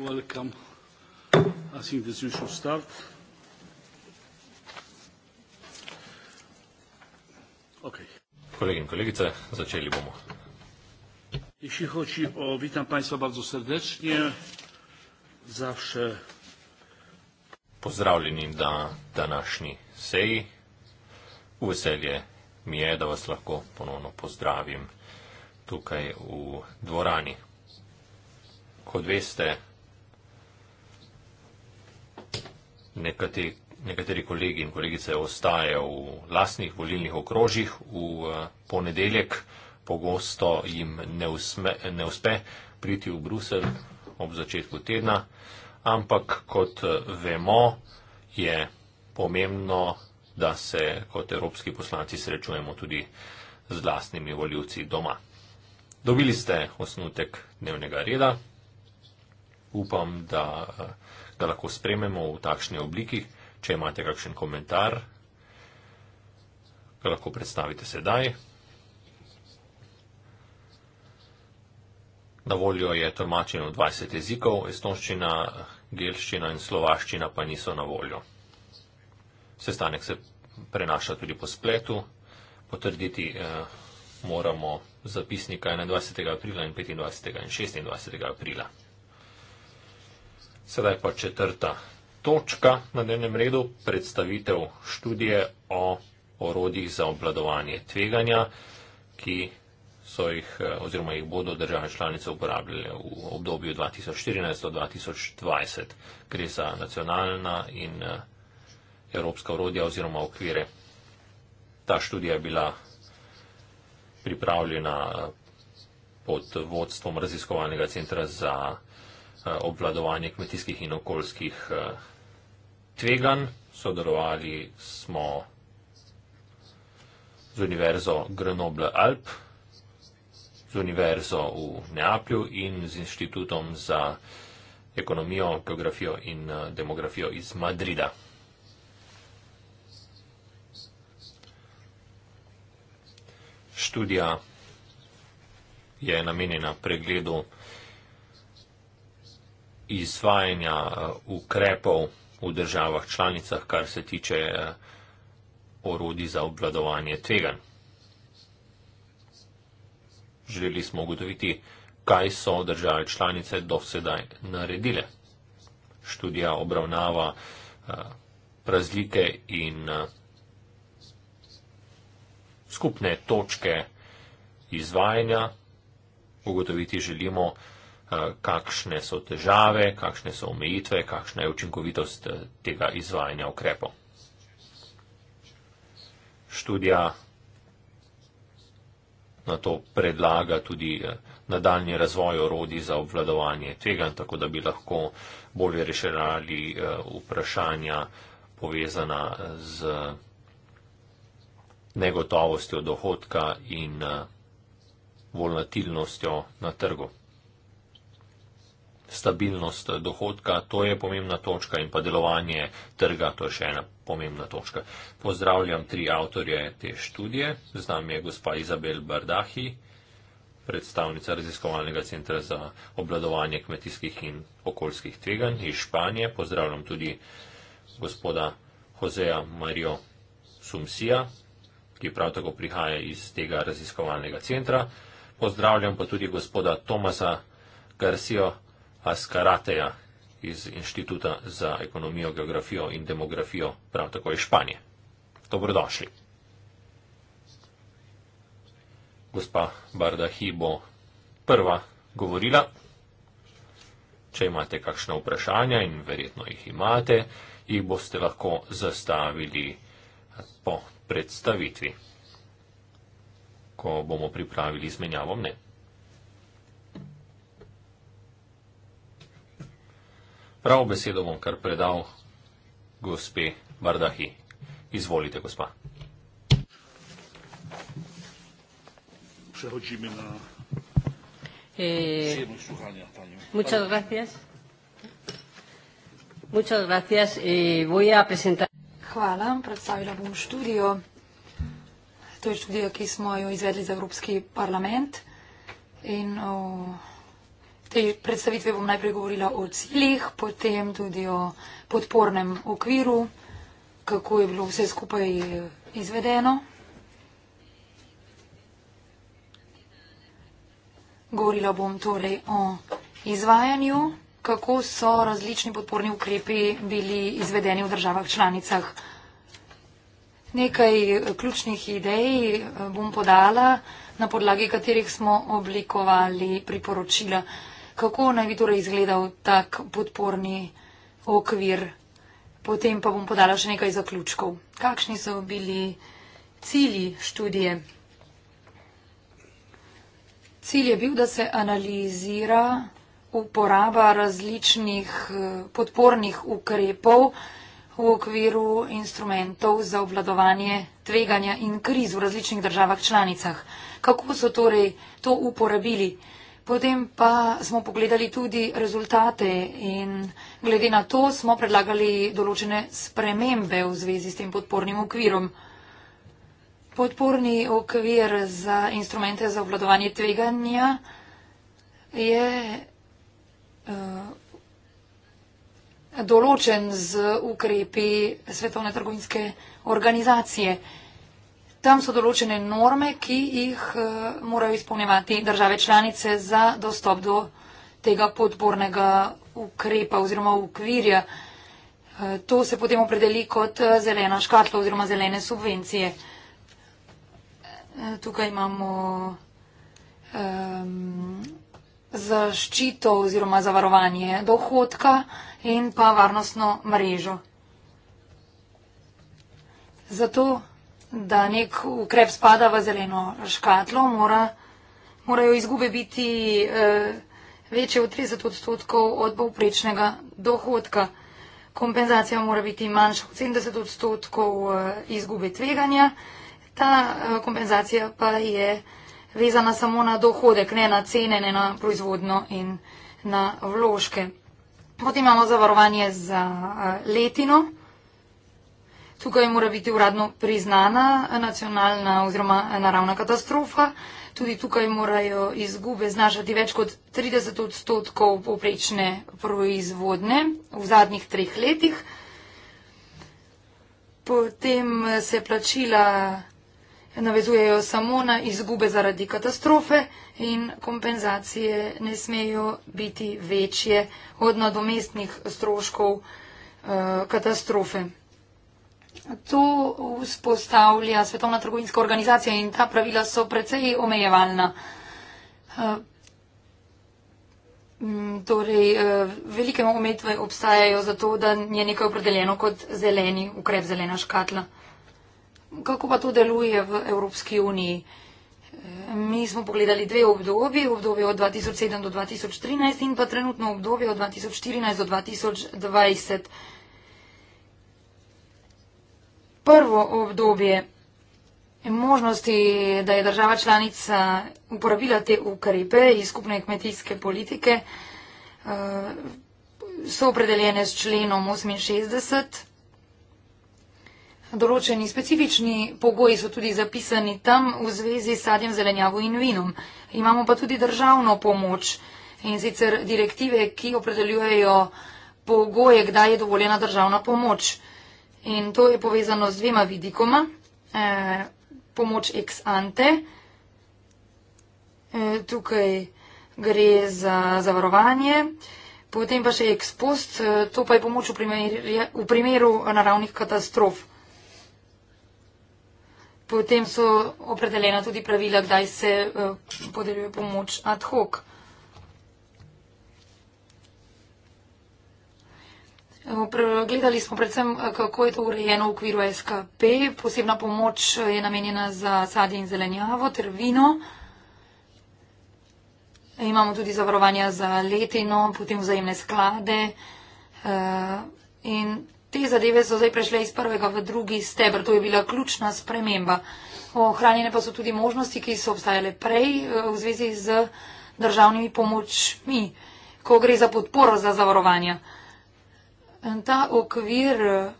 Welcome. I think this you should start. Okay. Kolegi in kolegice, začeli bomo. Jeśli chodzi o, witam Państwa bardzo serdecznie. Zawsze. Pozdravljeni na današnji seji. Veselje mi je, da vas lahko ponovno pozdravim tukaj v dvorani. Kot veste, nekateri, nekateri kolegi in kolegice ostajajo v lastnih volilnih okrožjih v eh, ponedeljek, pogosto jim ne, usme, ne uspe priti v Bruselj ob začetku tedna, ampak kot eh, vemo, je pomembno, da se kot evropski poslanci srečujemo tudi z lastnimi voljivci doma. Dobili ste osnutek dnevnega reda. Upam, da eh, ga lahko spremljamo v takšni obliki. Če imate kakšen komentar, ga lahko predstavite sedaj. Na voljo je tolmačenje v 20 jezikov, estonščina, gelščina in slovaščina pa niso na voljo. Sestanek se prenaša tudi po spletu. Potrditi eh, moramo zapisnika 21. aprila in 25. in 26. aprila. Sedaj pa četrta točka na dnevnem redu, predstavitev študije o orodjih za obladovanje tveganja, ki so jih eh, oziroma jih bodo države članice uporabljale v obdobju 2014 do 2020. Gre za nacionalna in eh, evropska orodja oziroma okvire. Ta študija je bila pripravljena eh, pod vodstvom raziskovalnega centra za Eh, obvladovanje kmetijskih in okoljskih eh, tveganj. Sodelovali smo z Univerzo Grenoble Alp, z Univerzo v Neaplju in z Inštitutom za ekonomijo, geografijo in eh, demografijo iz Madrida. Študija je namenjena pregledu izvajanja eh, ukrepov v državah članicah, kar se tiče eh, orodi za obvladovanje tvegan. Želeli smo ugotoviti, kaj so države članice do sedaj naredile. Študija obravnava eh, razlike in skupne točke izvajanja. Ugotoviti želimo, Eh, kakšne so težave, kakšne so omejitve, kakšna je učinkovitost eh, tega izvajanja ukrepov. Študija na to predlaga tudi eh, nadaljni razvoj orodi za obvladovanje tega, tako da bi lahko bolje reševali vprašanja povezana z negotovostjo dohodka in volatilnostjo na trgu stabilnost dohodka, to je pomembna točka in pa delovanje trga, to je še ena pomembna točka. Pozdravljam tri avtorje te študije, z nami je gospa Izabel Bardahi, predstavnica raziskovalnega centra za obladovanje kmetijskih in okoljskih tveganj iz Španije. Pozdravljam tudi gospoda Joseja Mario Sumsija, ki prav tako prihaja iz tega raziskovalnega centra. Pozdravljam pa tudi gospoda Tomasa Garcijo Askarateja iz Inštituta za ekonomijo, geografijo in demografijo, prav tako iz Španije. Dobrodošli. Gospa Bardahi bo prva govorila. Če imate kakšne vprašanja in verjetno jih imate, jih boste lahko zastavili po predstavitvi, ko bomo pripravili izmenjavo mnenja. Prav besedo bom kar predal gospe Bardahi. Izvolite, gospa. Prehodim na. Eh, eh, Hvala, predstavila bom študijo. To je študija, ki smo jo izvedli za Evropski parlament in uh, tej predstavitvi bom najprej govorila o ciljih, potem tudi o podpornem okviru, kako je bilo vse skupaj izvedeno. Govorila bom torej o izvajanju, kako so različni podporni ukrepi bili izvedeni v državah članicah. Nekaj ključnih idej eh, bom podala, na podlagi katerih smo oblikovali priporočila kako naj bi torej izgledal tak podporni okvir. Potem pa bom podala še nekaj zaključkov. Kakšni so bili cilji študije? Cilj je bil, da se analizira uporaba različnih eh, podpornih ukrepov v okviru instrumentov za obvladovanje tveganja in kriz v različnih državah članicah. Kako so torej to uporabili? Potem pa smo pogledali tudi rezultate in glede na to smo predlagali določene spremembe v zvezi s tem podpornim okvirom. Podporni okvir za instrumente za obvladovanje tveganja je uh, določen z ukrepi Svetovne trgovinske organizacije. Uh, Tam so določene norme, ki jih eh, morajo izpolnjevati države članice za dostop do tega podpornega ukrepa oziroma ukvirja. Eh, to se potem opredeli kot eh, zelena škatla oziroma zelene subvencije. Tukaj imamo um, zaščito oziroma zavarovanje dohodka in pa varnostno mrežo. Zato da nek ukrep spada v zeleno škatlo, mora, morajo izgube biti eh, večje od 30 odstotkov od povprečnega dohodka. Kompenzacija mora biti manjša od 70 odstotkov eh, izgube tveganja. Ta eh, kompenzacija pa je vezana samo na dohodek, ne na cene, ne na proizvodno in na vložke. Potem imamo zavarovanje za eh, letino. Tukaj mora biti uradno priznana nacionalna oziroma naravna katastrofa. Tudi tukaj morajo izgube znašati več kot 30 odstotkov poprečne proizvodne v zadnjih treh letih. Potem se plačila navezujejo samo na izgube zaradi katastrofe in kompenzacije ne smejo biti večje od nadomestnih stroškov eh, katastrofe. To vzpostavlja Svetovna trgovinska organizacija in ta pravila so precej omejevalna. Eh, torej, eh, velike omejitve obstajajo zato, da je nekaj opredeljeno kot zeleni ukrep, zelena škatla. Kako pa to deluje v Evropski uniji? Eh, mi smo pogledali dve obdobje, obdobje od 2007 do 2013 in pa trenutno obdobje od 2014 do 2020 prvo obdobje možnosti, da je država članica uporabila te ukrepe iz skupne kmetijske politike, eh, so opredeljene s členom 68. Določeni specifični pogoji so tudi zapisani tam v zvezi s sadjem, zelenjavo in vinom. Imamo pa tudi državno pomoč in sicer direktive, ki opredeljujejo pogoje, kdaj je dovoljena državna pomoč. In to je povezano z dvema vidikoma. Eh, pomoč ex ante. Eh, tukaj gre za zavarovanje. Potem pa še ex post, e, to pa je pomoč v, primer, v primeru naravnih katastrof. Potem so opredeljena tudi pravila, kdaj se e, podeljuje pomoč ad hoc. Eh, gledali smo predvsem, eh, kako je to urejeno v okviru SKP. Posebna pomoč eh, je namenjena za sadje in zelenjavo ter vino. Imamo tudi zavarovanja za letino, potem vzajemne sklade. In te zadeve so zdaj prešle iz prvega v drugi stebr. To je bila ključna sprememba. Ohranjene pa so tudi možnosti, ki so obstajale prej v zvezi z državnimi pomočmi, ko gre za podporo za zavarovanja ta okvir eh,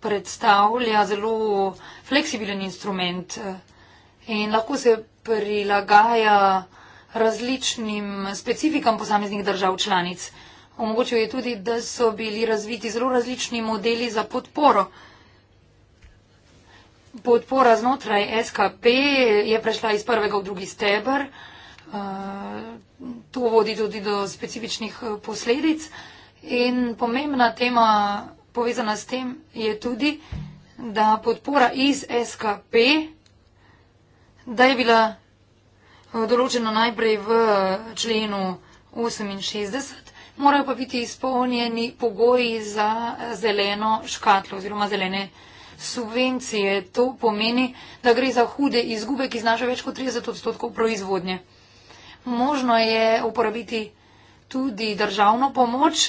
predstavlja zelo fleksibilen instrument eh, in lahko se prilagaja različnim specifikam posameznih držav članic. Omogočil je tudi, da so bili razviti zelo različni modeli za podporo. Podpora znotraj SKP je prešla iz prvega v drugi steber. Eh, to vodi tudi do specifičnih posledic. In pomembna tema povezana s tem je tudi, da podpora iz SKP, da je bila eh, določena najprej v eh, členu 68, morajo pa biti izpolnjeni pogoji za eh, zeleno škatlo oziroma zelene subvencije. To pomeni, da gre za hude izgube, ki znašajo več kot 30 odstotkov proizvodnje. Možno je uporabiti tudi državno pomoč,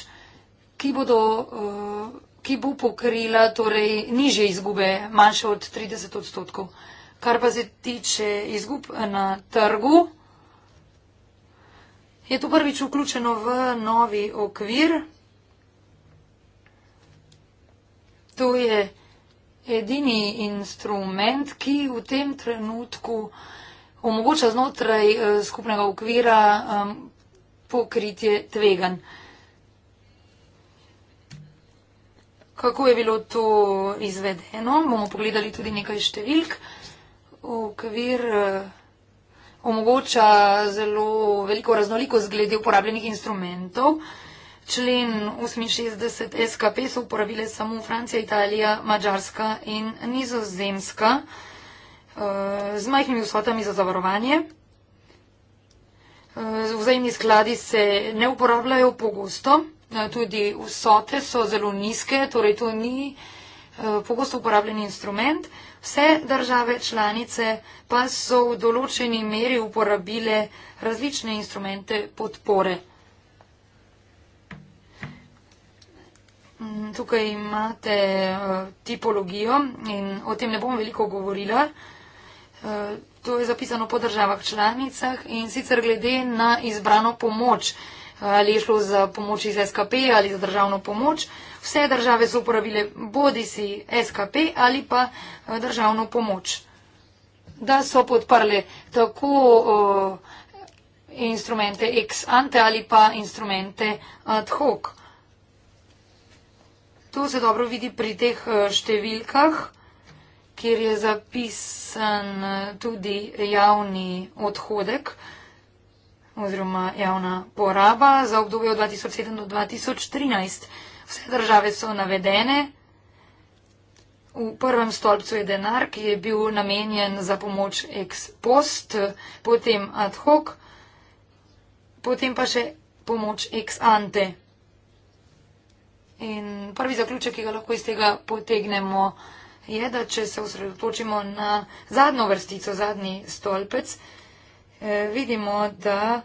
ki, bodo, eh, ki bo pokrila torej niže izgube, manjše od 30 odstotkov. Kar pa se tiče izgub na trgu, je to prvič vključeno v novi okvir. To je edini instrument, ki v tem trenutku omogoča znotraj eh, skupnega okvira eh, pokritje tveganj. Kako je bilo to izvedeno? Bomo pogledali tudi nekaj številk. Okvir eh, omogoča zelo veliko raznolikost glede uporabljenih instrumentov. Člen 68 SKP so uporabile samo Francija, Italija, Mačarska in Nizozemska eh, z majhnimi vsotami za zavarovanje. Eh, vzajemni skladi se ne uporabljajo pogosto. Eh, tudi vsote so zelo nizke, torej to ni eh, pogosto uporabljen instrument. Vse države članice pa so v določeni meri uporabile različne instrumente podpore. Mm, tukaj imate eh, tipologijo in o tem ne bom veliko govorila. To je zapisano po državah članicah in sicer glede na izbrano pomoč ali je šlo za pomoč iz SKP ali za državno pomoč. Vse države so uporabile bodi si SKP ali pa eh, državno pomoč. Da so podprle tako eh, instrumente ex ante ali pa instrumente ad hoc. To se dobro vidi pri teh eh, številkah, kjer je zapisan tudi javni odhodek oziroma javna poraba za obdobje od 2007 do 2013. Vse države so navedene. V prvem stolpcu je denar, ki je bil namenjen za pomoč ex post, potem ad hoc, potem pa še pomoč ex ante. In prvi zaključek, ki ga lahko iz tega potegnemo, je, da če se osredotočimo na zadnjo vrstico, zadnji stolpec, Eh, vidimo, da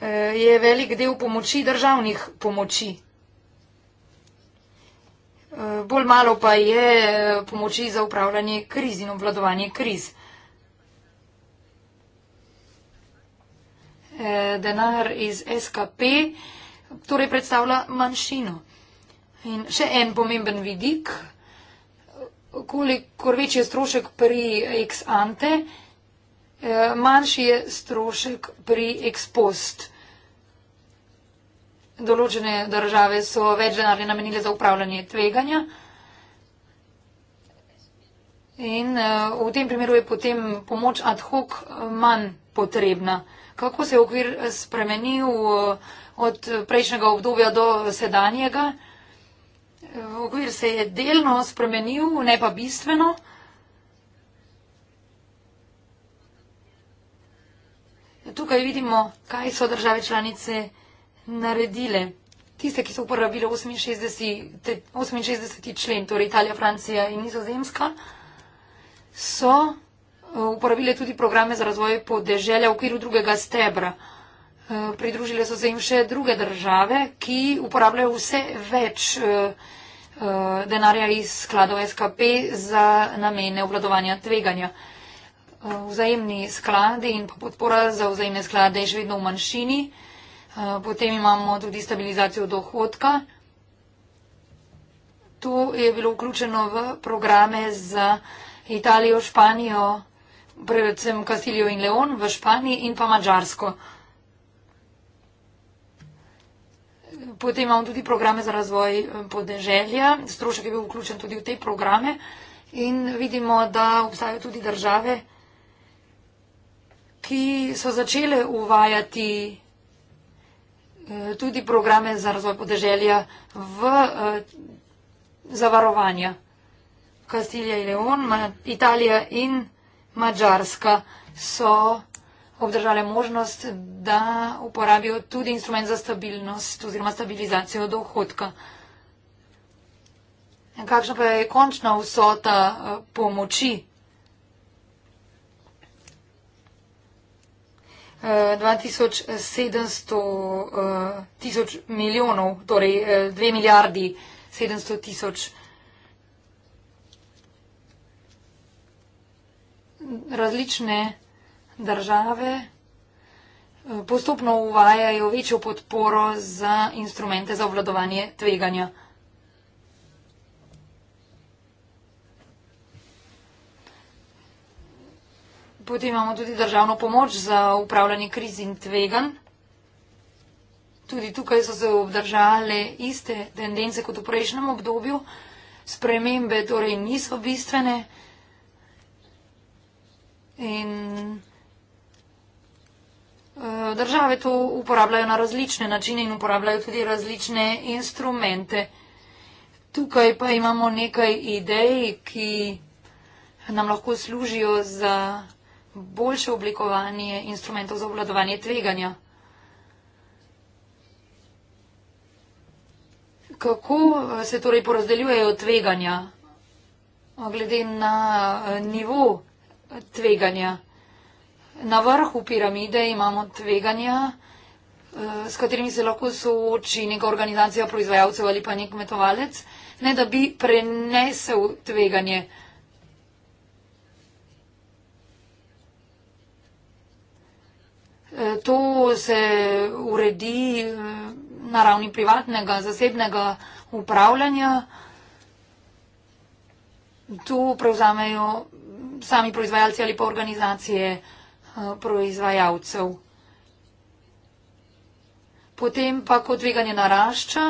eh, je velik del pomoči državnih pomoči. Eh, bolj malo pa je pomoči za upravljanje kriz in obvladovanje kriz. Denar iz SKP torej predstavlja manjšino. In še en pomemben vidik, kolikor večji je strošek pri ex ante, Eh, manjši je strošek pri ekspost. Določene države so več denarja namenile za upravljanje tveganja. In eh, v tem primeru je potem pomoč ad hoc eh, manj potrebna. Kako se je okvir spremenil od prejšnjega obdobja do sedanjega? Okvir se je delno spremenil, ne pa bistveno. tukaj vidimo, kaj so države članice naredile. Tiste, ki so uporabile 68, 68. člen, torej Italija, Francija in Nizozemska, so eh, uporabile tudi programe za razvoj podeželja v okviru drugega stebra. Eh, pridružile so se jim še druge države, ki uporabljajo vse več eh, denarja iz skladov SKP za namene obladovanja tveganja. Eh, vzajemni skladi in pa podpora za vzajemne sklade je še vedno v manjšini. Eh, potem imamo tudi stabilizacijo dohodka. To je bilo vključeno v programe za Italijo, Španijo, predvsem Kastilijo in Leon v Španiji in pa Mačarsko. Potem imamo tudi programe za razvoj eh, podeželja. Strošek je bil vključen tudi v te programe. In vidimo, da obstajajo tudi države, ki so začele uvajati eh, tudi programe za razvoj podeželja v eh, zavarovanja. Kastilija in Leon, Italija in Mačarska so obdržale možnost, da uporabijo tudi instrument za stabilnost oziroma stabilizacijo dohodka. Kakšna pa je končna vsota eh, pomoči 2700 uh, eh, tisoč milijonov, torej uh, eh, 2 milijardi 700 tisoč različne države eh, postopno uvajajo večjo podporo za instrumente za obvladovanje tveganja. Potem imamo tudi državno pomoč za upravljanje kriz in tvegan. Tudi tukaj so se obdržale iste tendence kot v prejšnjem obdobju. Spremembe torej niso bistvene. In eh, države to uporabljajo na različne načine in uporabljajo tudi različne instrumente. Tukaj pa imamo nekaj idej, ki nam lahko služijo za boljše oblikovanje instrumentov za obladovanje tveganja. Kako eh, se torej porazdeljujejo tveganja eh, glede na eh, nivo tveganja? Na vrhu piramide imamo tveganja, s katerimi se lahko sooči neka organizacija proizvajalcev ali pa nek metovalec, ne da bi prenesel tveganje. Eh, to se uredi eh, na ravni privatnega, zasebnega upravljanja. To prevzamejo sami proizvajalci ali pa organizacije eh, proizvajalcev. Potem pa, ko tveganje narašča,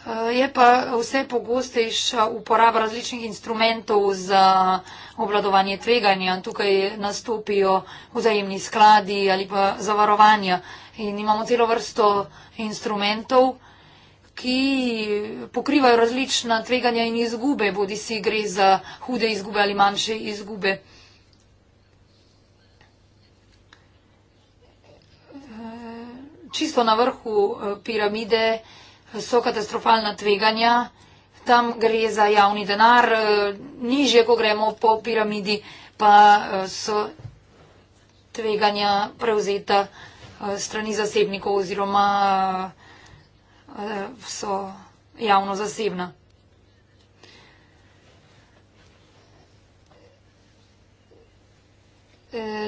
Eh, je pa vse pogostejša uporaba različnih instrumentov za obladovanje tveganja. Tukaj nastopijo vzajemni skladi ali pa zavarovanja. In imamo celo vrsto instrumentov, ki pokrivajo različna tveganja in izgube, bodi si gre za hude izgube ali manjše izgube. Eh, čisto na vrhu eh, piramide so katastrofalna tveganja, tam gre za javni denar, eh, nižje, ko gremo po piramidi, pa eh, so tveganja prevzeta eh, strani zasebnikov oziroma so javno zasebna.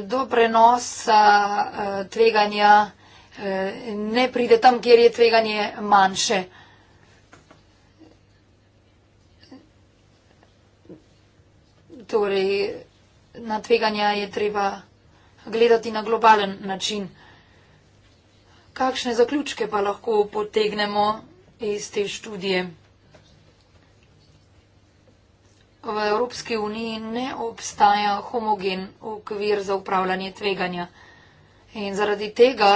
Do prenosa tveganja Eh, ne pride tam, kjer je tveganje manjše. Torej, na tveganja je treba gledati na globalen način. Kakšne zaključke pa lahko potegnemo iz te študije? V Evropski uniji ne obstaja homogen okvir za upravljanje tveganja. In zaradi tega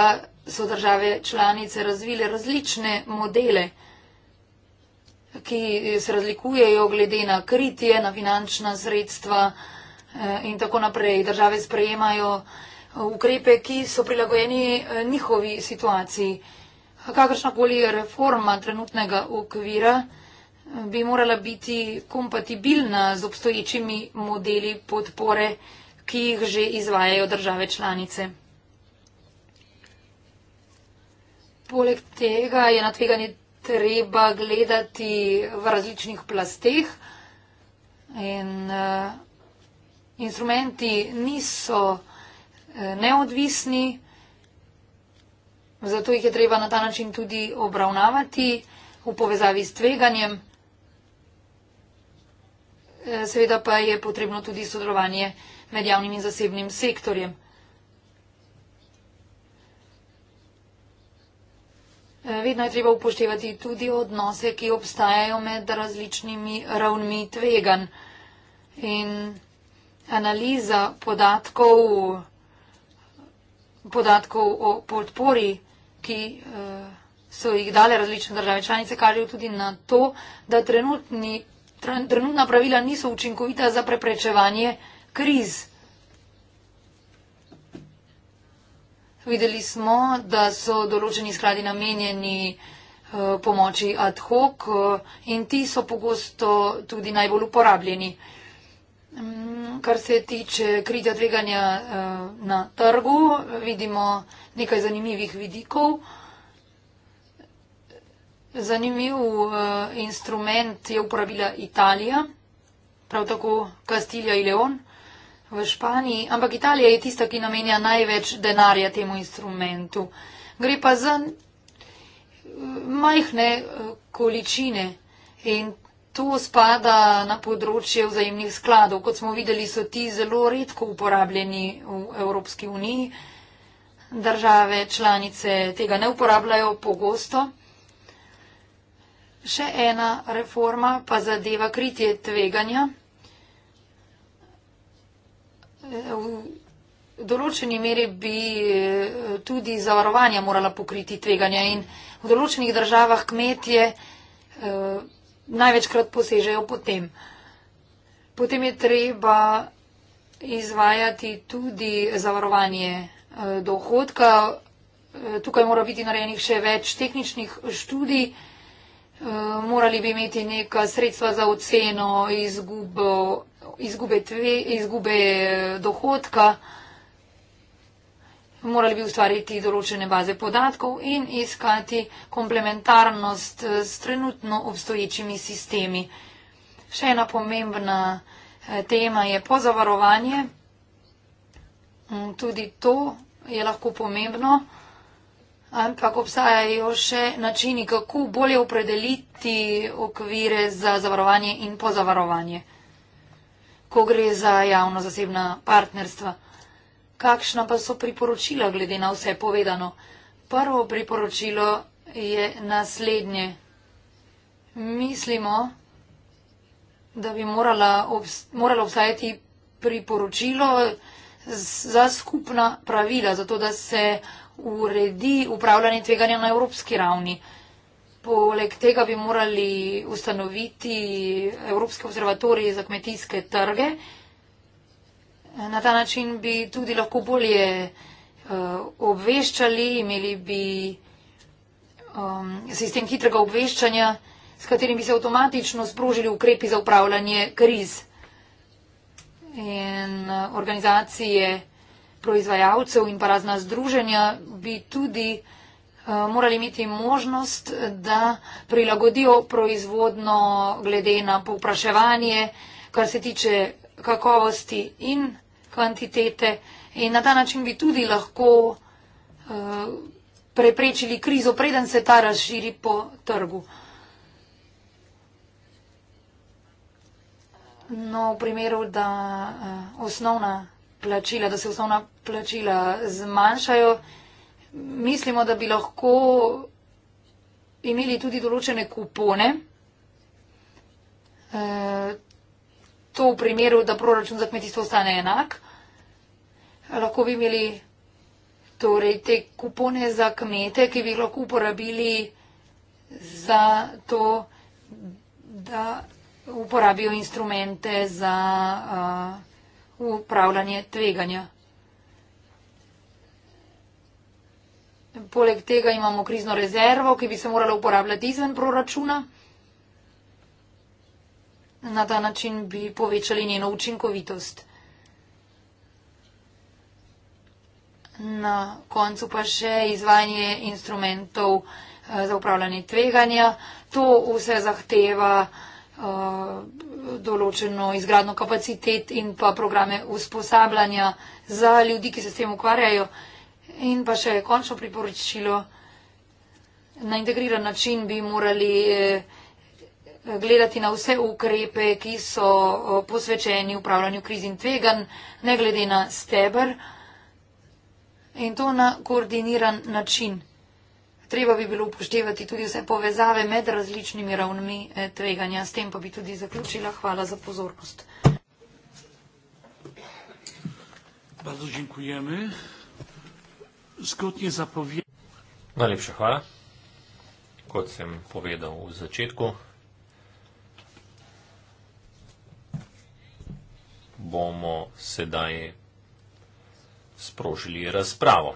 so države članice razvile različne modele, ki se razlikujejo glede na kritje, na finančna sredstva eh, in tako naprej. Države sprejemajo eh, ukrepe, ki so prilagojeni eh, njihovi situaciji. Kakršnakoli reforma trenutnega okvira bi morala biti kompatibilna z obstoječimi modeli podpore, ki jih že izvajajo države članice. poleg tega je na tveganje treba gledati v različnih plasteh. In, uh, instrumenti niso uh, neodvisni, zato jih je treba na ta način tudi obravnavati v povezavi s tveganjem. Eh, seveda pa je potrebno tudi sodelovanje med javnim in zasebnim sektorjem. Eh, vedno je treba upoštevati tudi odnose, ki obstajajo med različnimi ravnmi tvegan. In analiza podatkov, podatkov o podpori, ki eh, so jih dale različne države članice, kaže tudi na to, da trenutni, trenutna pravila niso učinkovita za preprečevanje kriz. Videli smo, da so določeni skladi namenjeni eh, pomoči ad hoc eh, in ti so pogosto tudi najbolj uporabljeni. Mm, kar se tiče kritja tveganja eh, na trgu, vidimo nekaj zanimivih vidikov. Zanimiv instrument je uporabila Italija, prav tako Kastilja in Leon v Španiji, ampak Italija je tista, ki namenja največ denarja temu instrumentu. Gre pa za eh, majhne eh, količine in to spada na področje vzajemnih skladov. Kot smo videli, so ti zelo redko uporabljeni v Evropski uniji. Države članice tega ne uporabljajo pogosto. Še ena reforma pa zadeva kritje tveganja v določeni meri bi eh, tudi zavarovanja morala pokriti tveganja in v določenih državah kmetje eh, največkrat posežejo potem. Potem je treba izvajati tudi zavarovanje eh, dohodka. Tukaj mora biti narejenih še več tehničnih študij. Morali bi imeti neka sredstva za oceno izgubo izgube, tve, izgube eh, dohodka, morali bi ustvariti določene baze podatkov in iskati komplementarnost eh, s trenutno obstoječimi sistemi. Še ena pomembna eh, tema je pozavarovanje. Mm, tudi to je lahko pomembno, ampak obstajajo še načini, kako bolje opredeliti okvire za zavarovanje in pozavarovanje ko gre za javno-zasebna partnerstva. Kakšna pa so priporočila glede na vse povedano? Prvo priporočilo je naslednje. Mislimo, da bi obst moralo obstajati priporočilo za skupna pravila, zato da se uredi upravljanje tveganja na evropski ravni. Poleg tega bi morali ustanoviti Evropske observatorije za kmetijske trge. Na ta način bi tudi lahko bolje eh, obveščali, imeli bi eh, sistem hitrega obveščanja, s katerim bi se avtomatično sprožili ukrepi za upravljanje kriz in eh, organizacije proizvajalcev in pa razna združenja bi tudi vsega, Eh, morali imeti možnost, da prilagodijo proizvodno glede na povpraševanje, kar se tiče kakovosti in kvantitete. In na ta način bi tudi lahko eh, preprečili krizo, preden se ta razširi po trgu. No, v primeru, da, eh, osnovna plačila, da se osnovna plačila zmanjšajo, mislimo, da bi lahko imeli tudi določene kupone. E, to v primeru, da proračun za kmetijstvo ostane enak. Lahko bi imeli torej, te kupone za kmete, ki bi jih lahko uporabili za to, da uporabijo instrumente za uh, upravljanje tveganja. Poleg tega imamo krizno rezervo, ki bi se morala uporabljati izven proračuna. Na ta način bi povečali njeno učinkovitost. Na koncu pa še izvajanje instrumentov eh, za upravljanje tveganja. To vse zahteva eh, določeno izgradno kapacitet in pa programe usposabljanja za ljudi, ki se s tem ukvarjajo. In pa še končno priporočilo. Na integriran način bi morali eh, gledati na vse ukrepe, ki so posvečeni upravljanju kriz in tvegan, ne glede na steber. In to na koordiniran način. Treba bi bilo upoštevati tudi vse povezave med različnimi ravnmi eh, tveganja. S tem pa bi tudi zaključila. Hvala za pozornost. Bardzo dziękujemy zgodnje zapovedi. Najlepša hvala. Kot sem povedal v začetku, bomo sedaj sprožili razpravo.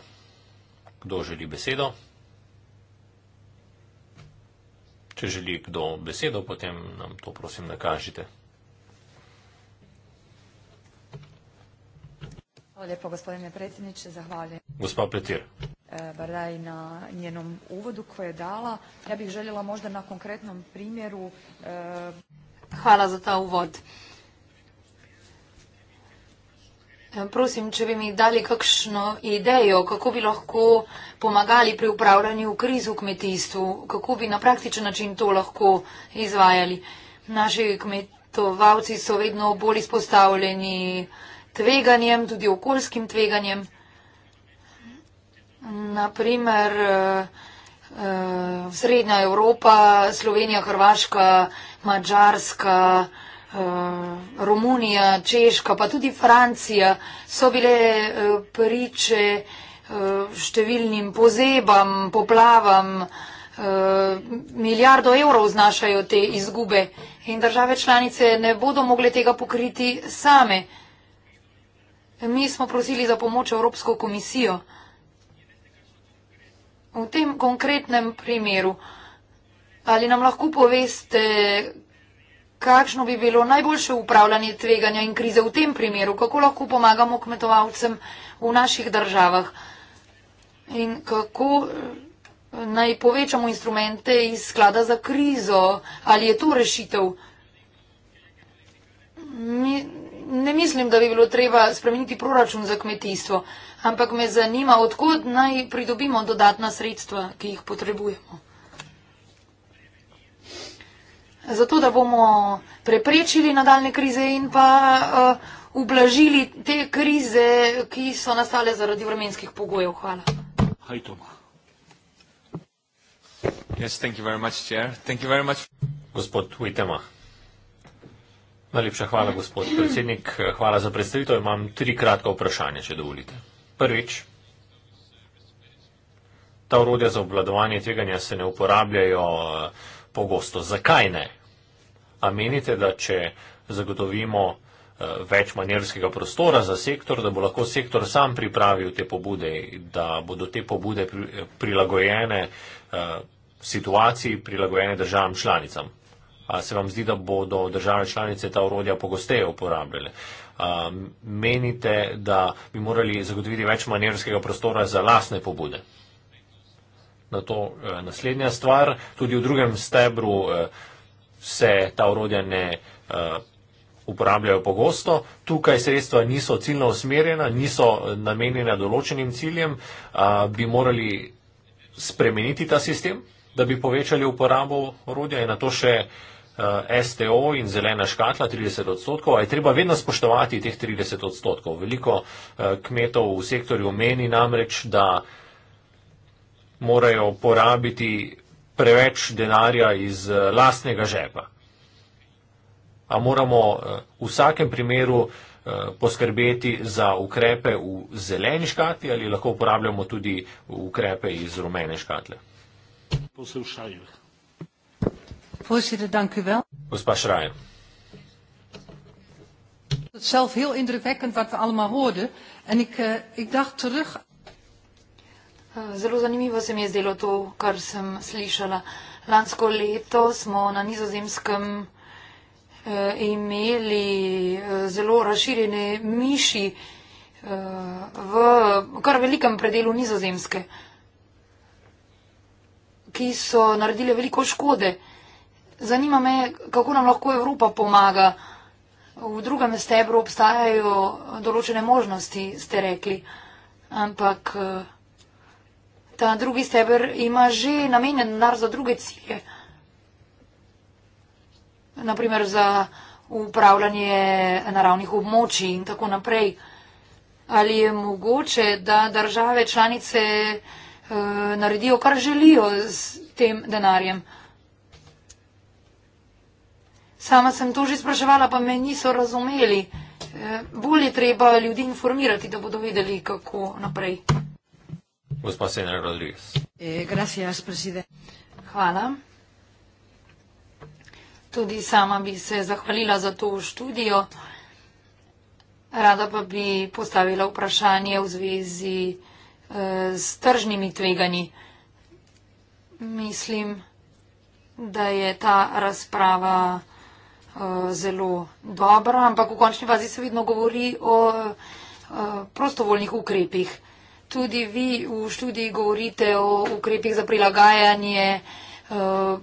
Kdo želi besedo? Če želi kdo besedo, potem nam to prosim nakažite. Da Hvala lijepo gospodine predsjedniče, zahvaljujem. Gospa Petir. E, Baraj na njenom uvodu koje je dala. Ja bih željela možda na konkretnom primjeru... E, Hvala za ta uvod. E, prosim, če bi mi dali kakšno idejo, kako bi lahko pomagali pri upravljanju kriz v kmetijstvu, kako bi na praktičen način to lahko izvajali. Naši kmetovalci so vedno bolj izpostavljeni vsega, tveganjem, tudi okoljskim tveganjem. Naprimer, eh, eh, Srednja Evropa, Slovenija, Hrvaška, Mačarska, eh, Romunija, Češka, pa tudi Francija so bile priče številnim pozebam, poplavam, milijardo evrov znašajo te izgube in države članice ne bodo mogle tega pokriti same. Mi smo prosili za pomoč Evropsko komisijo. V tem konkretnem primeru, ali nam lahko poveste, kakšno bi bilo najboljše upravljanje tveganja in krize v tem primeru, kako lahko pomagamo kmetovalcem v naših državah in kako eh, naj povečamo instrumente iz sklada za krizo, ali je to rešitev? Mi ne mislim, da bi bilo treba spremeniti proračun za kmetijstvo, ampak me zanima, odkud naj pridobimo dodatna sredstva, ki jih potrebujemo. Zato, da bomo preprečili nadaljne krize in pa uh, ublažili te krize, ki so nastale zaradi vremenskih pogojev. Hvala. Yes, thank you very much, Chair. Thank you very much. Gospod Vitema, Najlepša hvala, gospod predsednik. Hvala za predstavitev. Imam tri kratka vprašanja, če dovolite. Prvič, ta urodja za obvladovanje tveganja se ne uporabljajo eh, pogosto. Zakaj ne? A menite, da če zagotovimo eh, več manjerskega prostora za sektor, da bo lahko sektor sam pripravil te pobude, da bodo te pobude eh, prilagojene situaciji, prilagojene državam članicam? se vam zdi, da bodo države članice ta urodja pogosteje uporabljale? Menite, da bi morali zagotoviti več manevrskega prostora za lasne pobude? Na to e, naslednja stvar. Tudi v drugem stebru e, se ta urodja ne e, uporabljajo pogosto. Tukaj sredstva niso ciljno usmerjena, niso namenjena določenim ciljem. Bi morali spremeniti ta sistem, da bi povečali uporabo urodja in na to še Eh, STO in zelena škatla 30 odstotkov, je treba vedno spoštovati teh 30 odstotkov. Veliko eh, kmetov v sektorju meni namreč, da morajo porabiti preveč denarja iz eh, lastnega žepa. A moramo v vsakem primeru poskrbeti za ukrepe v zeleni škatli ali lahko uporabljamo tudi ukrepe iz rumene škatle? Poslušajmo. Voorzitter, dank u wel. Mevrouw Schreier. Het is zelf heel indrukwekkend wat we allemaal hoorden. En ik, uh, ik dacht terug... Eh, zelo zanimivo se mi je zdelo to, kar sem slišala. Lansko leto smo na nizozemskem uh, imeli uh, zelo razširjene miši uh, v kar velikem predelu nizozemske, ki so naredile veliko škode. Uh, Zanima me, kako nam lahko Evropa pomaga. V drugem stebru obstajajo določene možnosti, ste rekli. Ampak eh, ta drugi steber ima že namenjen denar za druge cilje. Naprimer za upravljanje naravnih območij in tako naprej. Ali je mogoče, da države članice eh, naredijo, kar želijo s tem denarjem? Sama sem to že spraševala, pa me niso razumeli. Eh, Bolje treba ljudi informirati, da bodo vedeli, kako naprej. Gospa Senra Rodriguez. Eh, gracias, preside. Hvala. Tudi sama bi se zahvalila za to študijo. Rada pa bi postavila vprašanje v zvezi eh, s tržnimi tveganji. Mislim, da je ta razprava. Eh, zelo dobra, ampak v končni fazi se vedno govori o eh, prostovoljnih ukrepih. Tudi vi v študiji govorite o ukrepih za prilagajanje eh,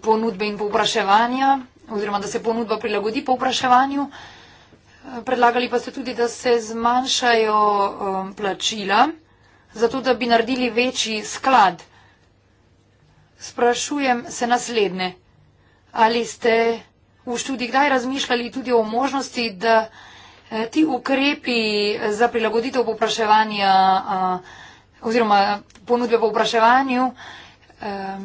ponudbe in povpraševanja, oziroma da se ponudba prilagodi povpraševanju. Predlagali pa ste tudi, da se zmanjšajo plačila, zato da bi naredili večji sklad. Sprašujem se naslednje. Ali ste v študiji kdaj razmišljali tudi o možnosti, da eh, ti ukrepi za prilagoditev popraševanja eh, oziroma ponudbe popraševanju eh,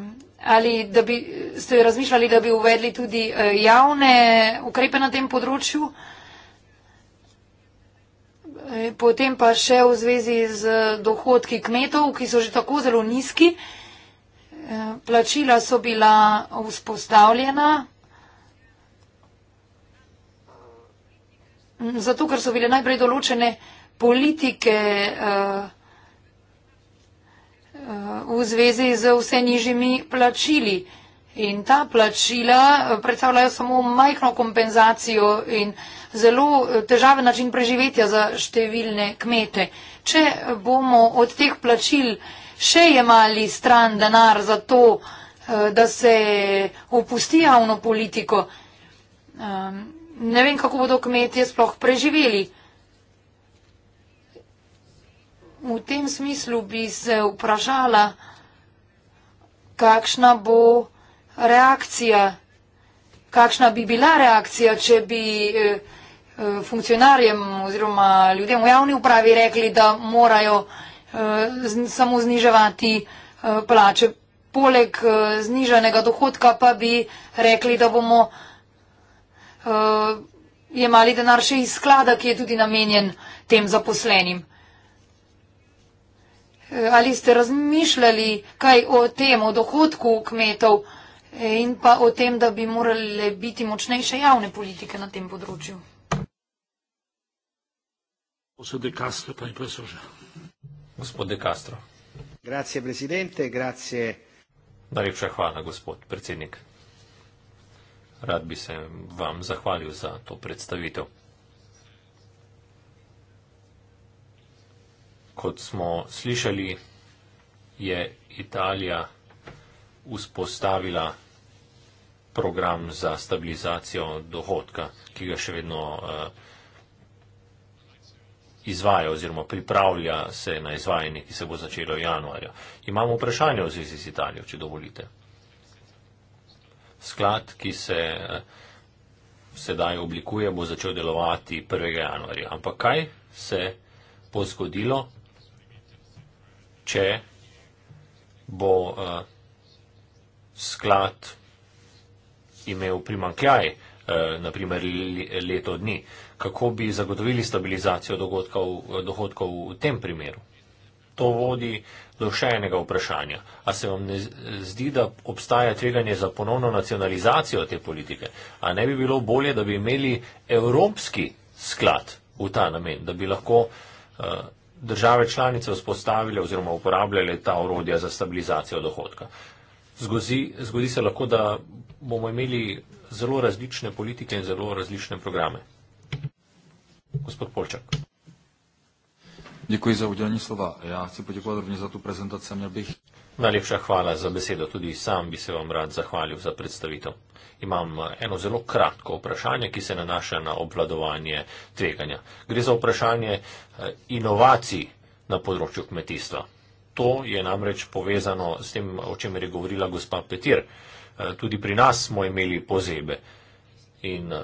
ali da bi ste razmišljali, da bi uvedli tudi javne ukrepe na tem področju? Potem pa še v zvezi z dohodki kmetov, ki so že tako zelo nizki. Plačila so bila vzpostavljena, zato ker so bile najprej določene politike eh, eh, v zvezi z vse nižjimi plačili. In ta plačila eh, predstavljajo samo majhno kompenzacijo in zelo težaven način preživetja za številne kmete. Če bomo od teh plačil še jemali stran denar za to, da se opusti javno politiko, ne vem, kako bodo kmetje sploh preživeli. V tem smislu bi se vprašala, kakšna bo reakcija, kakšna bi bila reakcija, če bi eh, eh, funkcionarjem oziroma ljudem v javni upravi rekli, da morajo eh, samo zniževati plače. Poleg znižanega dohodka pa bi rekli, da bomo uh, eh, jemali denar še iz sklada, ki je tudi namenjen tem zaposlenim. Eh, ali ste razmišljali kaj o tem, o dohodku kmetov eh, in pa o tem, da bi morale biti močnejše javne politike na tem področju? Gospod Castro, pa in presoža. Gospod De Castro. Grazie, predsednik, grazie. Najlepša hvala, gospod predsednik rad bi se vam zahvalil za to predstavitev. Kot smo slišali, je Italija vzpostavila program za stabilizacijo dohodka, ki ga še vedno eh, izvaja oziroma pripravlja se na izvajanje, ki se bo začelo januarja. Imamo vprašanje v zvezi z Italijo, če dovolite. Sklad, ki se eh, sedaj oblikuje, bo začel delovati 1. januarja. Ampak kaj se bo zgodilo, če bo eh, sklad imel primankljaj, eh, naprimer leto dni? Kako bi zagotovili stabilizacijo dogodkov, dohodkov v tem primeru? To vodi uh, do še enega vprašanja. A se vam ne zdi, da obstaja tveganje za ponovno nacionalizacijo te politike? A ne bi bilo bolje, da bi imeli evropski sklad v ta namen, da bi lahko uh, države članice vzpostavile oziroma uporabljale ta orodja za stabilizacijo dohodka? Zgozi, zgodi se lahko, da bomo imeli zelo različne politike in zelo različne programe. Gospod Polčak. Děkuji za udělení slova. Já chci poděkovat rovně za tu prezentaci. Měl bych... Najlepša hvala za besedo. Tudi sam bi se vam rad zahvalil za predstavitev. Imam eno zelo kratko vprašanje, ki se nanaša na obvladovanje tveganja. Gre za vprašanje eh, inovacij na področju kmetijstva. To je namreč povezano s tem, o čemer je govorila gospa Petir. Eh, tudi pri nas smo imeli pozebe in eh,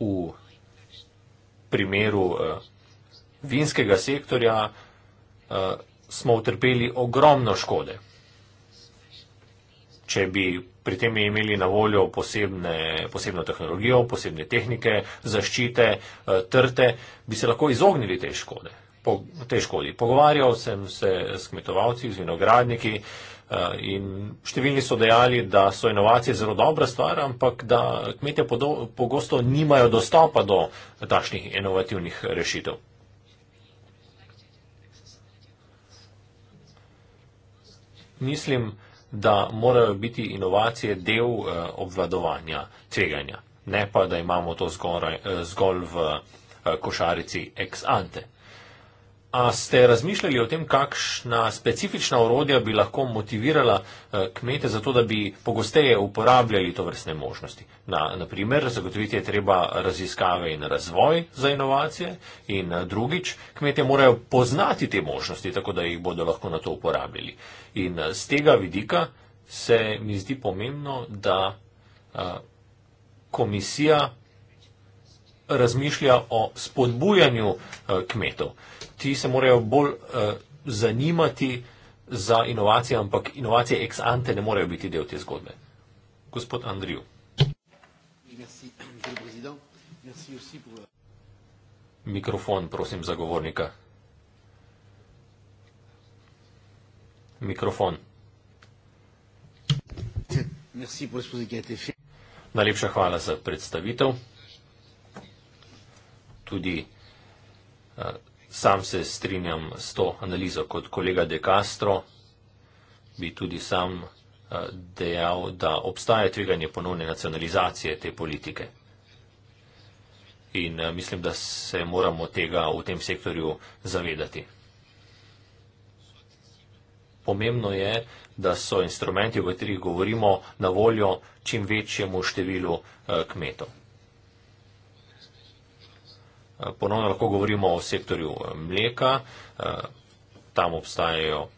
v primeru vinskega sektorja uh, smo utrpeli ogromno škode. Če bi pri tem imeli na voljo posebne, posebno tehnologijo, posebne tehnike, zaščite, uh, trte, bi se lahko izognili tej škode. Po, tej škodi. Pogovarjal sem se s kmetovalci, z vinogradniki uh, in številni so dejali, da so inovacije zelo dobra stvar, ampak da kmetje pogosto nimajo dostopa do takšnih inovativnih rešitev. mislim, da morajo biti inovacije del eh, obvladovanja tveganja, ne pa, da imamo to zgoraj, eh, zgolj v eh, košarici ex ante. A ste razmišljali o tem, kakšna specifična orodja bi lahko motivirala eh, kmete za to, da bi pogosteje uporabljali to vrstne možnosti? Na, naprimer, zagotoviti je treba raziskave in razvoj za inovacije in eh, drugič, kmete morajo poznati te možnosti, tako da jih bodo lahko na to uporabljali. In z eh, tega vidika se mi zdi pomembno, da komisija razmišlja o spodbujanju kmetov ti se morajo bolj uh, zanimati za inovacije, ampak inovacije ex ante ne morejo biti del te zgodbe. Gospod Andriju. Mikrofon, prosim, zagovornika. Mikrofon. Najlepša hvala za predstavitev. Tudi eh, Sam se strinjam s to analizo kot kolega De Castro, bi tudi sam eh, dejal, da obstaja tveganje ponovne nacionalizacije te politike. In eh, mislim, da se moramo tega v tem sektorju zavedati. Pomembno je, da so instrumenti, o katerih govorimo, na voljo čim večjemu številu eh, kmetov. Eh, ponovno lahko govorimo o sektorju eh, mleka. Eh, tam obstajajo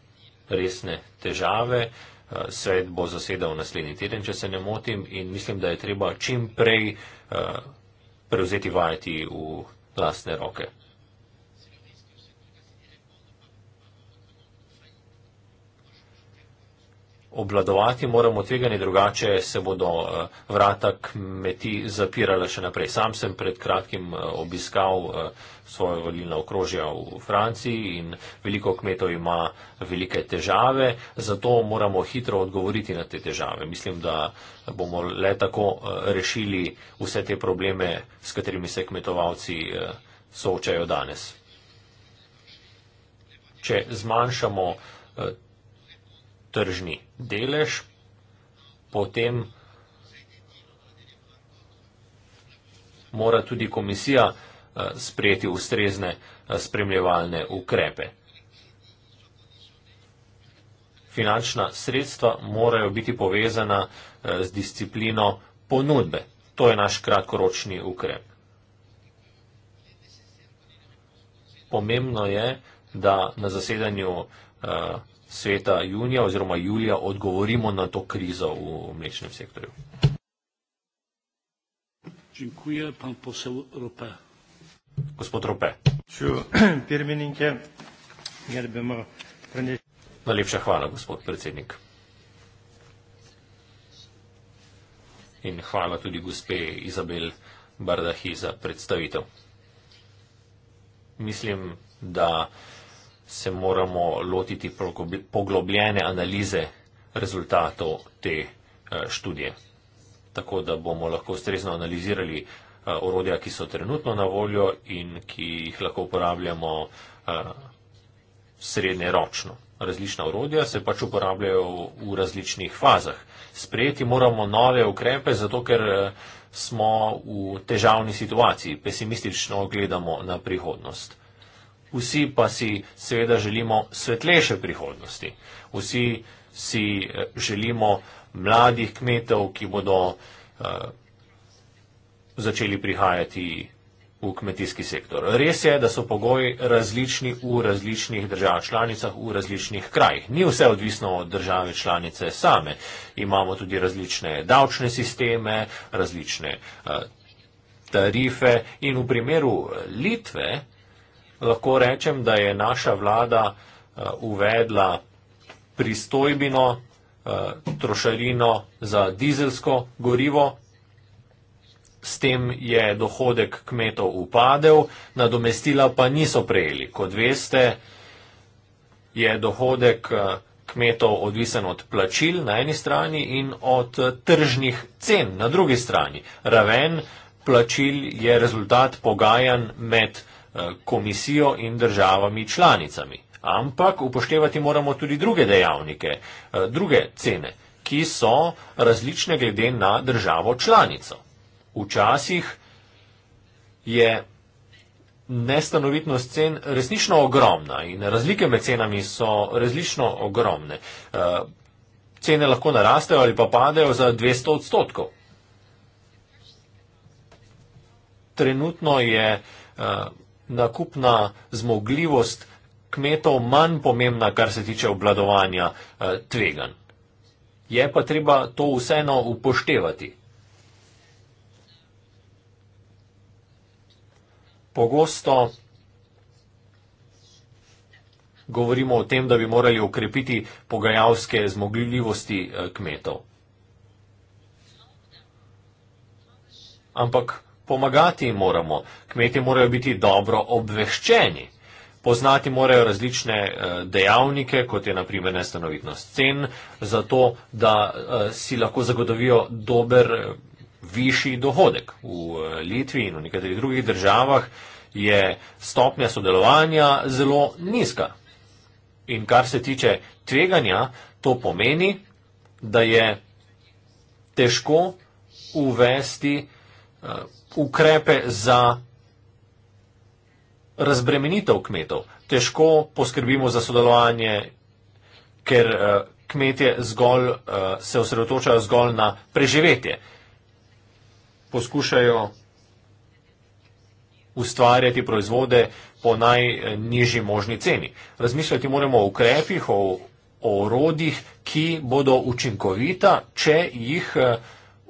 resne težave. Svet bo zasedal naslednji teden, če se ne motim, in mislim, da je treba čim prej prevzeti vajeti v lasne roke. obladovati moramo tega, ne drugače se bodo eh, vrata kmeti zapirala še naprej. Sam sem pred kratkim eh, obiskal eh, svoje volilna okrožja v Franciji in veliko kmetov ima velike težave, zato moramo hitro odgovoriti na te težave. Mislim, da bomo le tako rešili vse te probleme, s katerimi se kmetovalci soočajo danes. Če zmanjšamo tržni delež, potem mora tudi komisija eh, sprejeti ustrezne eh, spremljevalne ukrepe. Finančna sredstva morajo biti povezana eh, z disciplino ponudbe. To je naš kratkoročni ukrep. Pomembno je, da na zasedanju sveta junija oziroma julija odgovorimo na to krizo v mlečnem sektorju. Dziękuję, pan poseł Rupe. Gospod Rupe. Najlepša hvala, gospod predsednik. In hvala tudi gospe Izabel Bardahi za predstavitev. Mislim, da se moramo lotiti poglobljene analize rezultatov te eh, študije. Tako da bomo lahko ustrezno analizirali eh, orodja, ki so trenutno na voljo in ki jih lahko uporabljamo eh, srednje ročno. Različna orodja se pač uporabljajo v različnih fazah. Sprejeti moramo nove ukrepe, zato ker smo v težavni situaciji, pesimistično gledamo na prihodnost vsi pa si seveda želimo svetlejše prihodnosti. Vsi si eh, želimo mladih kmetov, ki bodo uh, začeli prihajati v kmetijski sektor. Res je, da so pogoji različni v različnih državah članicah, v različnih krajih. Ni vse odvisno od države članice same. Imamo tudi različne davčne sisteme, različne uh, tarife in v primeru Litve uh, lahko rečem, da je naša vlada eh, uvedla pristojbino, eh, trošarino za dizelsko gorivo. S tem je dohodek kmetov upadel, nadomestila pa niso prejeli. Kot veste, je dohodek eh, kmetov odvisen od plačil na eni strani in od tržnih cen na drugi strani. Raven plačil je rezultat pogajanj med kmetov. Eh, komisijo in državami članicami. Ampak upoštevati moramo tudi druge dejavnike, eh, druge cene, ki so različne glede na državo članico. Včasih je nestanovitnost cen resnično ogromna in razlike med cenami so resnično ogromne. Eh, cene lahko narastejo ali pa padejo za 200 odstotkov. Trenutno je nakupna zmogljivost kmetov manj pomembna, kar se tiče obladovanja eh, tvegan. Je pa treba to vseeno upoštevati. Pogosto govorimo o tem, da bi morali ukrepiti pogajalske zmogljivosti eh, kmetov. Ampak pomagati jim moramo, kmeti morajo biti dobro obveščeni. Poznati morajo različne eh, dejavnike, kot je naprimer nestanovitnost cen, zato da eh, si lahko zagotovijo dober eh, višji dohodek. V Litvi in v nekaterih drugih državah je stopnja sodelovanja zelo nizka. In kar se tiče tveganja, to pomeni, da je težko uvesti ukrepe za razbremenitev kmetov. Težko poskrbimo za sodelovanje, ker eh, kmetje zgolj, eh, se osredotočajo zgolj na preživetje. Poskušajo ustvarjati proizvode po najnižji možni ceni. Razmišljati moramo o ukrepih, o orodjih, ki bodo učinkovita, če jih eh,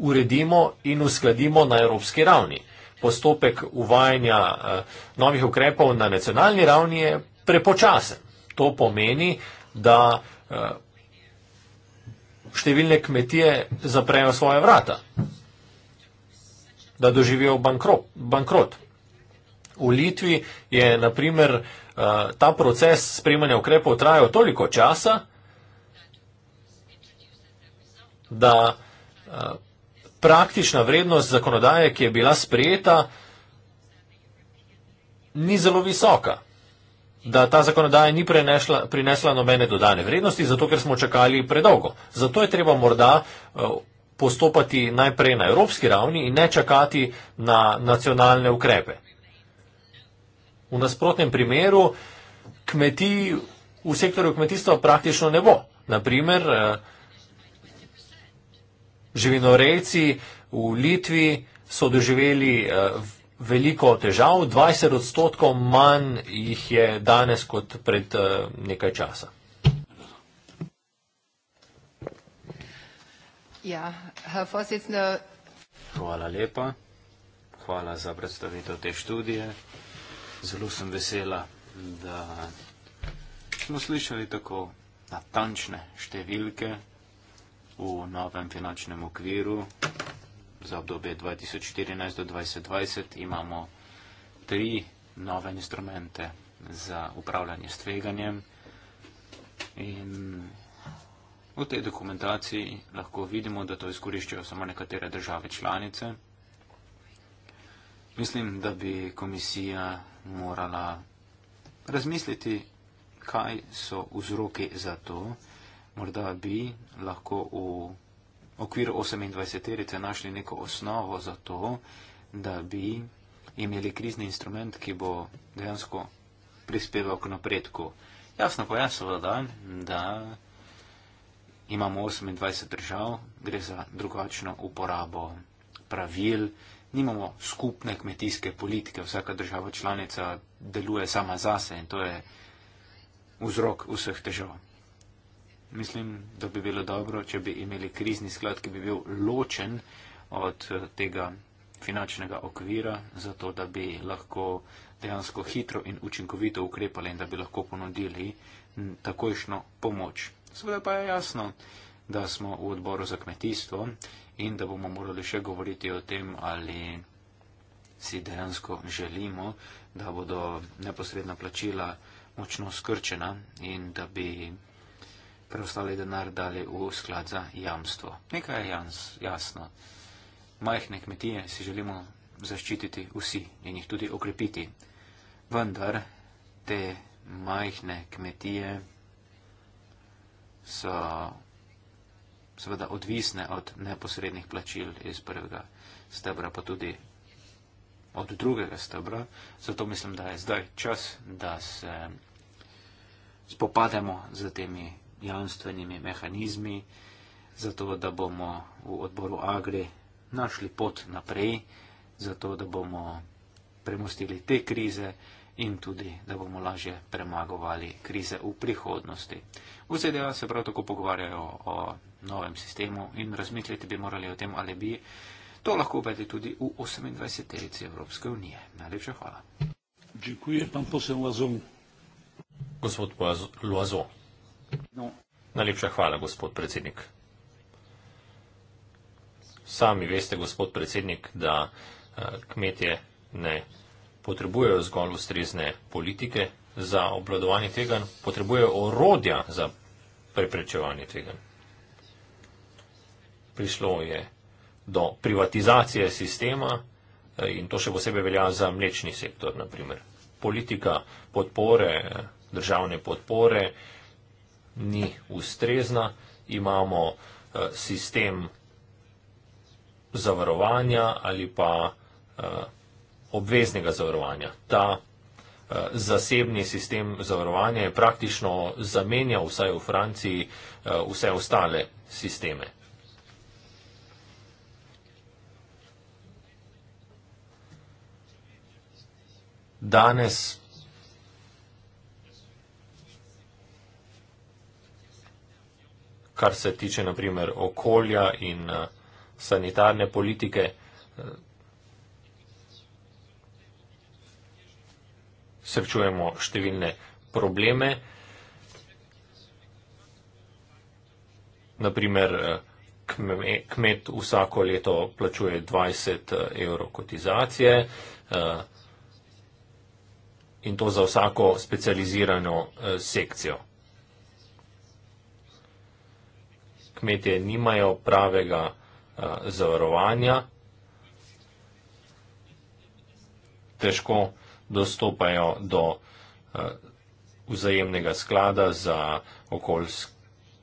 uredimo in uskladimo na evropski ravni. Postopek uvajanja eh, novih ukrepov na nacionalni ravni je prepočasen. To pomeni, da eh, številne kmetije zaprejo svoje vrata, da doživijo bankrot. bankrot. V Litvi je naprimer eh, ta proces spremanja ukrepov trajal toliko časa, da praktična vrednost zakonodaje, ki je bila sprejeta, ni zelo visoka. Da ta zakonodaja ni prenešla, prinesla nobene dodane vrednosti, zato ker smo čakali predolgo. Zato je treba morda eh, postopati najprej na evropski ravni in ne čakati na nacionalne ukrepe. V nasprotnem primeru kmetij v sektorju kmetijstva praktično ne bo. Naprimer, eh, Živinorejci v Litvi so doživeli eh, veliko težav, 20 odstotkov manj jih je danes kot pred eh, nekaj časa. Ja, Hvala lepa. Hvala za predstavitev te študije. Zelo sem vesela, da smo slišali tako natančne številke v novem finančnem okviru za obdobje 2014 do 2020 imamo tri nove instrumente za upravljanje s tveganjem in v tej dokumentaciji lahko vidimo, da to izkoriščajo samo nekatere države članice. Mislim, da bi komisija morala razmisliti, kaj so vzroki za to, morda bi lahko v okviru 28-terice našli neko osnovo za to, da bi imeli krizni instrument, ki bo dejansko prispeval k napredku. Jasno pa je seveda, da imamo 28 držav, gre za drugačno uporabo pravil, nimamo skupne kmetijske politike, vsaka država članica deluje sama zase in to je vzrok vseh težav mislim, da bi bilo dobro, če bi imeli krizni sklad, ki bi bil ločen od eh, tega finančnega okvira, zato da bi lahko dejansko hitro in učinkovito ukrepali in da bi lahko ponudili takojšno pomoč. Seveda pa je jasno, da smo v odboru za kmetijstvo in da bomo morali še govoriti o tem, ali si dejansko želimo, da bodo neposredna plačila močno skrčena in da bi preostali denar dali v sklad za jamstvo. Nekaj je jans, jasno. Majhne kmetije si želimo zaščititi vsi in jih tudi okrepiti. Vendar te majhne kmetije so seveda odvisne od neposrednih plačil iz prvega stebra, pa tudi od drugega stebra. Zato mislim, da je zdaj čas, da se spopademo z temi jamstvenimi mehanizmi, zato da bomo v odboru Agri našli pot naprej, zato da bomo premustili te krize in tudi, da bomo lažje premagovali krize v prihodnosti. V ZDA se prav tako pogovarjajo o novem sistemu in razmisliti bi morali o tem, ali bi to lahko uvedli tudi v 28. Evropske unije. Najlepša hvala. Gospod Loazon. Najlepša hvala, gospod predsednik. Sami veste, gospod predsednik, da eh, kmetje ne potrebujejo zgolj ustrezne politike za obladovanje tega, potrebujejo orodja za preprečevanje tega. Prišlo je do privatizacije sistema eh, in to še posebej velja za mlečni sektor, naprimer. Politika podpore, eh, državne podpore, ni ustrezna, imamo eh, sistem zavarovanja ali pa eh, obveznega zavarovanja. Ta eh, zasebni sistem zavarovanja je praktično zamenjal vsaj v Franciji vse ostale sisteme. Danes kar se tiče naprimer okolja in eh, sanitarne politike. Eh, srečujemo številne probleme. Naprimer, eh, kmet vsako leto plačuje 20 evrov kotizacije in to za vsako specializirano sekcijo. kmetje nimajo pravega uh, zavarovanja, težko dostopajo do uh, vzajemnega sklada za okoljske,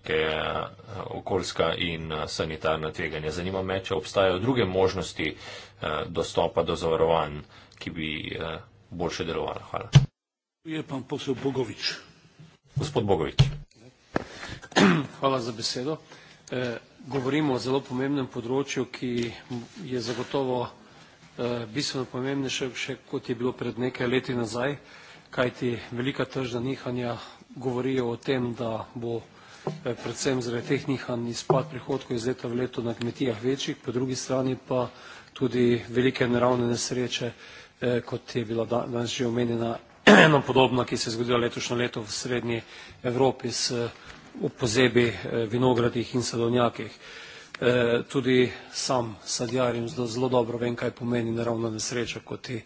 uh, okoljska in uh, sanitarna tveganja. Zanima me, če obstajajo druge možnosti uh, dostopa do zavarovanj, ki bi uh, boljše delovala. Hvala. Je pa posel Bogovič. Gospod Bogovič. Hvala za besedo. Eh, govorimo o zelo pomembnem področju, ki je zagotovo eh, bistveno pomembnejše, še kot je bilo pred nekaj leti nazaj, kajti velika tržna nihanja govorijo o tem, da bo eh, predvsem zaradi teh nihanj izpad prihodkov iz leta v leto na kmetijah večjih, po drugi strani pa tudi velike naravne nesreče, kot je bila danes že omenjena ena podobna, ki se je zgodila letošnje leto v srednji Evropi s v pozebi eh, vinogradih in sadovnjakih. Eh, tudi sam sadjarim zelo dobro vem, kaj pomeni naravna nesreča, ko ti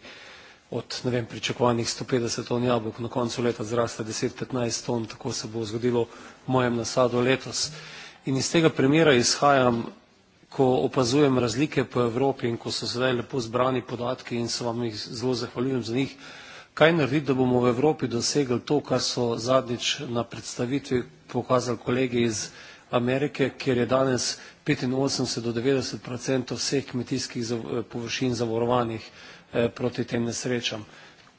od ne vem, pričakovanih 150 ton jabolk na koncu leta zraste 10-15 ton, tako se bo zgodilo v mojem nasadu letos. In iz tega primera izhajam, ko opazujem razlike po Evropi in ko so sedaj lepo zbrani podatki in se vam jih zelo zahvaljujem za njih, kaj narediti, da bomo v Evropi dosegli to, kar so zadnjič na predstavitvi pokazali kolegi iz Amerike, kjer je danes 85 do 90 percent vseh kmetijskih eh, površin zavarovanih eh, proti tem nesrečam.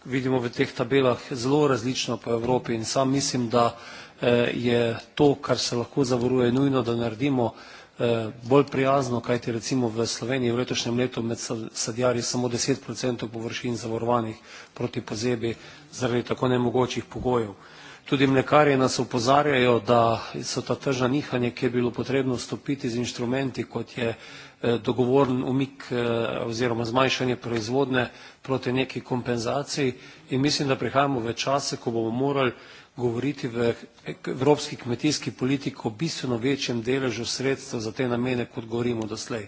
Vidimo v teh tabelah zelo različno po Evropi in sam mislim, da eh, je to, kar se lahko zavaruje, nujno, da naredimo Eh, bolj prijazno, kajti recimo v Sloveniji v letošnjem letu med sadjarji samo 10% površin zavarovanih proti pozebi zaradi tako nemogočih pogojev. Tudi mlekarje nas opozarjajo, da so ta tržna nihanja, ki je bilo potrebno stopiti z inštrumenti, kot je eh, dogovoren umik eh, oziroma zmanjšanje proizvodne proti neki kompenzaciji. In mislim, da prihajamo v čase, ko bomo morali govoriti v evropski kmetijski politiki o bistveno večjem deležu sredstev za te namene, kot govorimo doslej.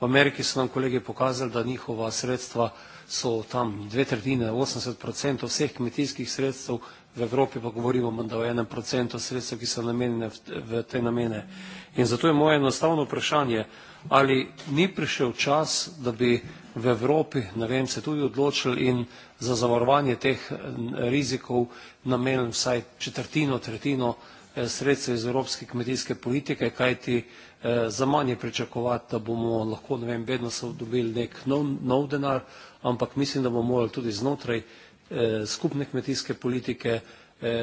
V Ameriki so nam kolegi pokazali, da njihova sredstva so tam dve tretjine, 80% vseh kmetijskih sredstev, v Evropi pa govorimo da o enem procentu sredstev, ki so namenjene v, v te namene. In zato je moje enostavno vprašanje, ali ni prišel čas, da bi v Evropi, ne vem, se tudi odločili in za zavarovanje teh eh, rizikov namenili vsaj četrtino, tretjino eh, sredstev iz evropske kmetijske politike, kajti eh, za manje pričakovati, da bomo lahko, ne vem, vedno so dobili nek nov, nov denar, ampak mislim, da bomo morali tudi znotraj skupne kmetijske politike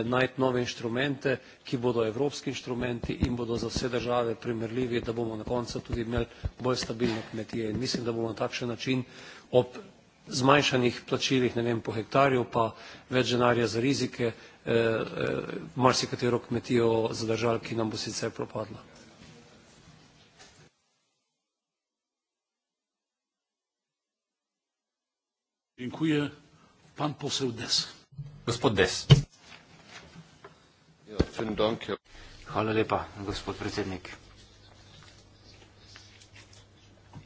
najti nove inštrumente, ki bodo evropski inštrumenti in bodo za vse države primerljivi, da bomo na koncu tudi imeli bolj stabilne kmetije. In mislim, da bomo na takšen način ob zmanjšanih plačilih, ne vem, po hektarju, pa več denarja za rizike, eh, eh, marsikatero kmetijo zadržali, ki nam bo sicer propadla. Dziękuję. Pan poseł Des. Gospod Des. Ja, Hvala lepa, gospod predsednik.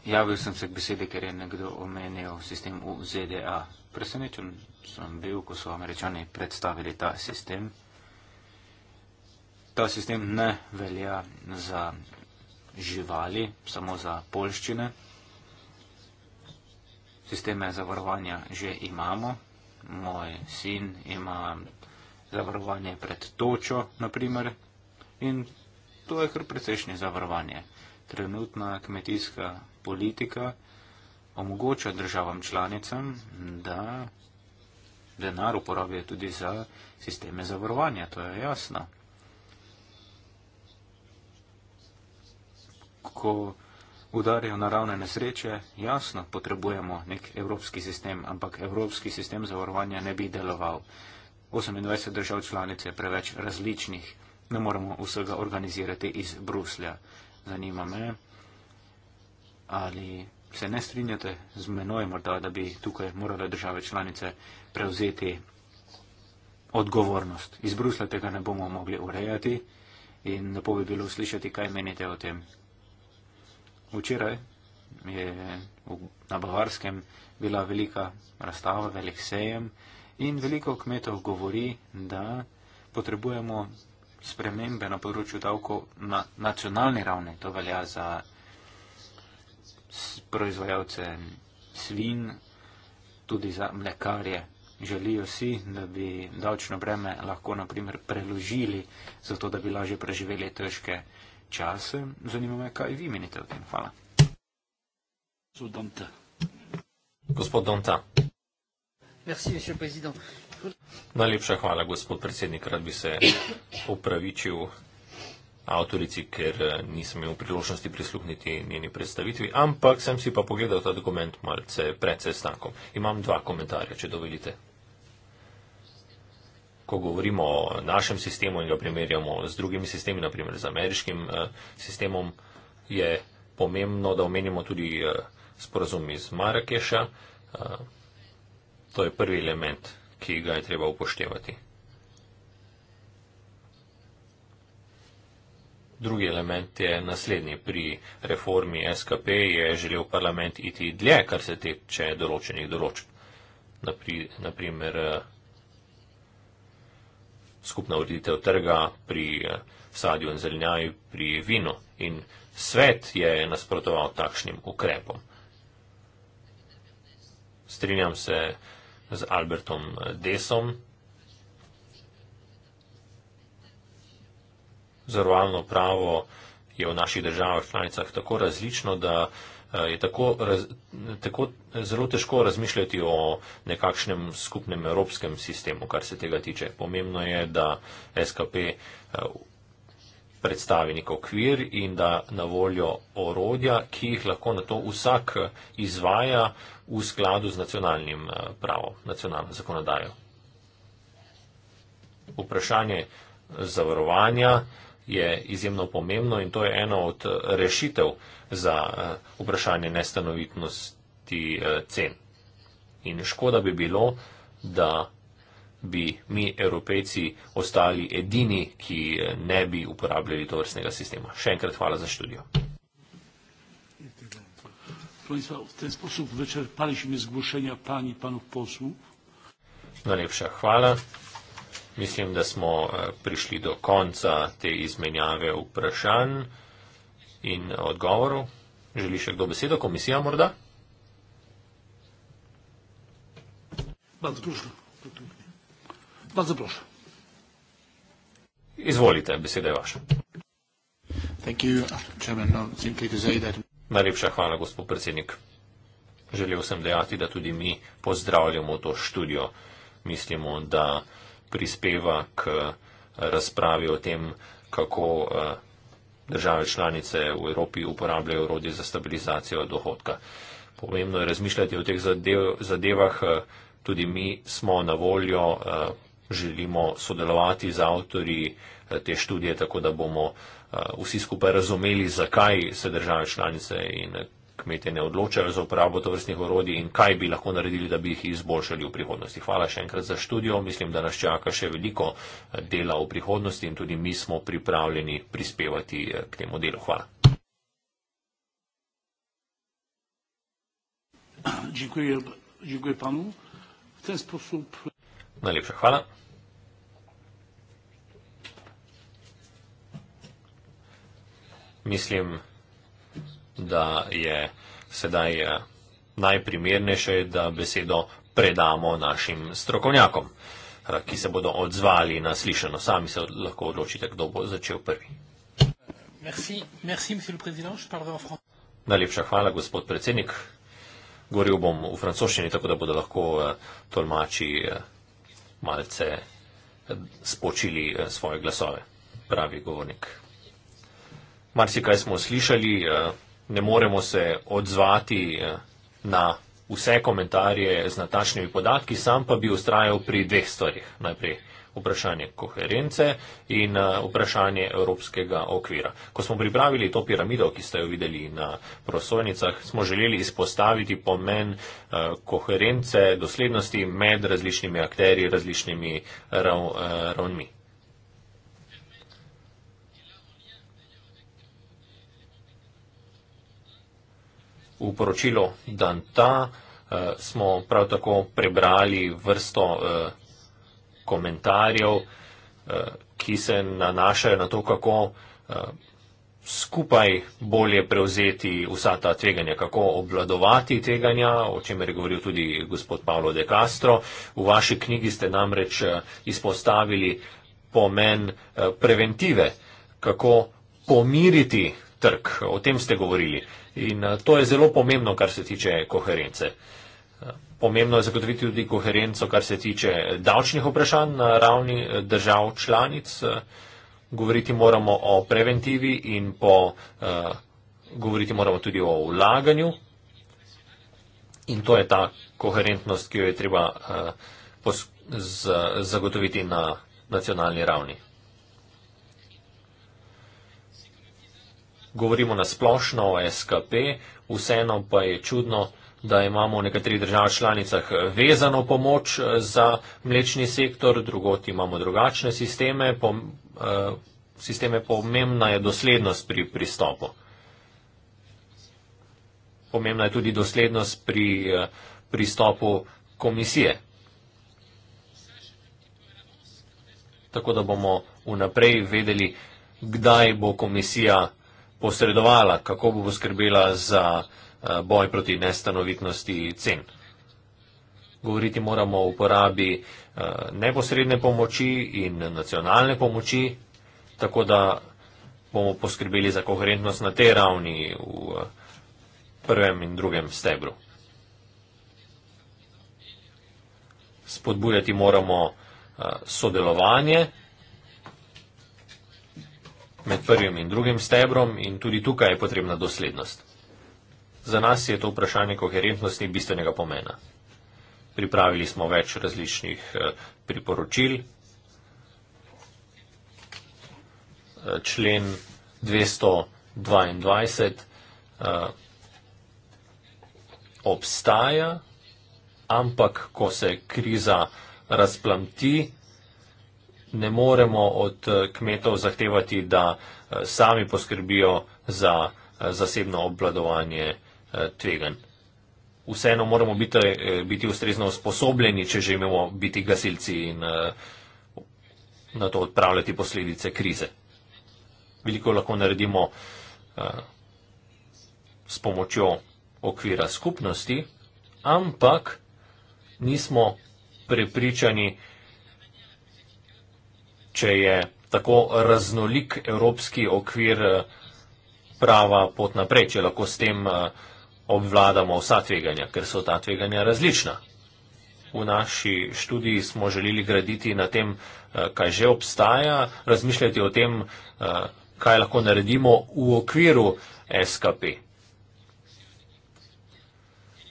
Javil sem se k besedi, ker je nekdo omenil sistem v ZDA. Presenečen sem bil, ko so američani predstavili ta sistem. Ta sistem ne velja za živali, samo za polščine. Sisteme zavarovanja že imamo. Moj sin ima zavarovanje pred točo, naprimer. In to je kar precejšnje zavarovanje trenutna kmetijska politika omogoča državam članicam, da denar uporabijo tudi za sisteme zavarovanja, to je jasno. Ko udarijo naravne nesreče, jasno, potrebujemo nek evropski sistem, ampak evropski sistem zavarovanja ne bi deloval. 28 držav članic je preveč različnih, ne moremo vsega organizirati iz Bruslja zanima me, ali se ne strinjate z menoj morda, da bi tukaj morale države članice prevzeti odgovornost. Iz Brusla tega ne bomo mogli urejati in ne bo bi bilo slišati, kaj menite o tem. Včeraj je na Bavarskem bila velika razstava, velik sejem in veliko kmetov govori, da potrebujemo spremembe na področju davkov na nacionalni ravni. To velja za proizvajalce svin, tudi za mlekarje. Želijo si, da bi davčno breme lahko naprimer preložili, zato da bi lažje preživeli težke čase. Zanima me, kaj vi menite o tem. Hvala. Gospod Donta. Merci, monsieur le Président. Najlepša hvala, gospod predsednik. Rad bi se opravičil avtorici, ker nisem imel priložnosti prisluhniti njeni predstavitvi, ampak sem si pa pogledal ta dokument malce pred sestankom. Imam dva komentarja, če dovolite. Ko govorimo o našem sistemu in ga primerjamo z drugimi sistemi, naprimer z ameriškim eh, sistemom, je pomembno, da omenimo tudi eh, sporazum iz Marakeša. Eh, to je prvi element ki ga je treba upoštevati. Drugi element je naslednji. Pri reformi SKP je želel parlament iti dlje, kar se tiče določenih določb. Napri, naprimer, eh, skupna ureditev trga pri eh, sadju in zelenjavi pri vinu. In svet je nasprotoval takšnim ukrepom. Strinjam se, z Albertom Desom. Zavarovalno pravo je v naših državah članicah tako različno, da eh, je tako, raz, tako zelo težko razmišljati o nekakšnem skupnem evropskem sistemu, kar se tega tiče. Pomembno je, da SKP eh, predstavi nek okvir in da na voljo orodja, ki jih lahko na to vsak izvaja v skladu z nacionalnim eh, pravom, nacionalno zakonodajo. Vprašanje zavarovanja je izjemno pomembno in to je ena od eh, rešitev za eh, vprašanje nestanovitnosti cen. In škoda bi bilo, da bi mi, evropejci, ostali edini, ki eh, ne bi uporabljali to vrstnega sistema. Še enkrat hvala za študijo. Proste, v ten sposob večrpali smo zgušenja pani in panov poslov. Najlepša hvala. Mislim, da smo eh, prišli do konca te izmenjave vprašanj in odgovorov. Želi še kdo besedo? Komisija morda? Bad, Bardzo proszę. Izvolite, beseda je vaša. Thank you, Chairman. No, simply to say that... Najlepša hvala, gospod predsednik. Želel sem dejati, da tudi mi pozdravljamo to študijo. Mislimo, da prispeva k eh, razpravi o tem, kako eh, države članice v Evropi uporabljajo urodje za stabilizacijo dohodka. Pomembno je razmišljati o teh zadevah. Eh, tudi mi smo na voljo želimo sodelovati z avtori eh, te študije, tako da bomo eh, vsi skupaj razumeli, zakaj se države članice in eh, kmete ne odločajo za uporabo tovrstnih orodij in kaj bi lahko naredili, da bi jih izboljšali v prihodnosti. Hvala še enkrat za študijo. Mislim, da nas čaka še veliko dela v prihodnosti in tudi mi smo pripravljeni prispevati k temu delu. Hvala. Dziękuję, dziękuję panu w ten sposób. Najlepsze, chwała. mislim, da je sedaj eh, najprimernejše, da besedo predamo našim strokovnjakom, eh, ki se bodo odzvali na slišano. Sami se lahko odločite, kdo bo začel prvi. Merci, merci, Najlepša hvala, gospod predsednik. Govoril bom v francoščini, tako da bodo lahko eh, tolmači malce spočili svoje glasove, pravi govornik marsikaj smo slišali, eh, ne moremo se odzvati eh, na vse komentarje z natačnimi podatki, sam pa bi ustrajal pri dveh stvarih. Najprej vprašanje koherence in eh, vprašanje evropskega okvira. Ko smo pripravili to piramido, ki ste jo videli na prosojnicah, smo želeli izpostaviti pomen koherence, doslednosti med različnimi akteri, različnimi ravnmi. Rav, v poročilu Danta eh, smo prav tako prebrali vrsto eh, komentarjev, eh, ki se nanašajo na to, kako skupaj bolje prevzeti vsa ta tveganja, kako obladovati tveganja, o čemer je govoril tudi gospod Pavlo De Castro. V vaši knjigi ste namreč izpostavili pomen preventive, kako pomiriti trg. O tem ste govorili. In eh, to je zelo pomembno, kar se tiče koherence. Eh, pomembno je zagotoviti tudi koherenco, kar se tiče eh, davčnih vprašanj na ravni držav članic. Govoriti moramo o preventivi in po, govoriti moramo tudi o vlaganju. In to je ta koherentnost, ki jo je treba z, zagotoviti na nacionalni ravni. govorimo na splošno o SKP, vseeno pa je čudno, da imamo v nekaterih državah članicah eh, vezano pomoč eh, za mlečni sektor, drugot imamo drugačne sisteme, pom, uh, sisteme pomembna je doslednost pri pristopu. Pomembna je tudi doslednost pri uh, pristopu komisije. Tako da bomo vnaprej vedeli, kdaj bo komisija posredovala, kako bo poskrbela za eh, boj proti nestanovitnosti cen. Govoriti moramo o uporabi eh, neposredne pomoči in nacionalne pomoči, tako da bomo poskrbeli za koherentnost na tej ravni v eh, prvem in drugem stebru. Spodbujati moramo sodelovanje med prvim in drugim stebrom in tudi tukaj je potrebna doslednost. Za nas je to vprašanje koherentnosti bistvenega pomena. Pripravili smo več različnih eh, priporočil. Eh, člen 222 eh, obstaja, ampak ko se kriza razplamti, ne moremo od eh, kmetov zahtevati, da eh, sami poskrbijo za eh, zasebno obvladovanje tvegan. Vseeno moramo biti, biti ustrezno sposobljeni, če že imamo biti gasilci in na to odpravljati posledice krize. Veliko lahko naredimo s pomočjo okvira skupnosti, ampak nismo prepričani, če je tako raznolik evropski okvir eh, prava pot naprej, če lahko s tem eh, obvladamo vsa tveganja, ker so ta tveganja različna. V naši študiji smo želeli graditi na tem, eh, kaj že obstaja, razmišljati o tem, kaj lahko naredimo v okviru SKP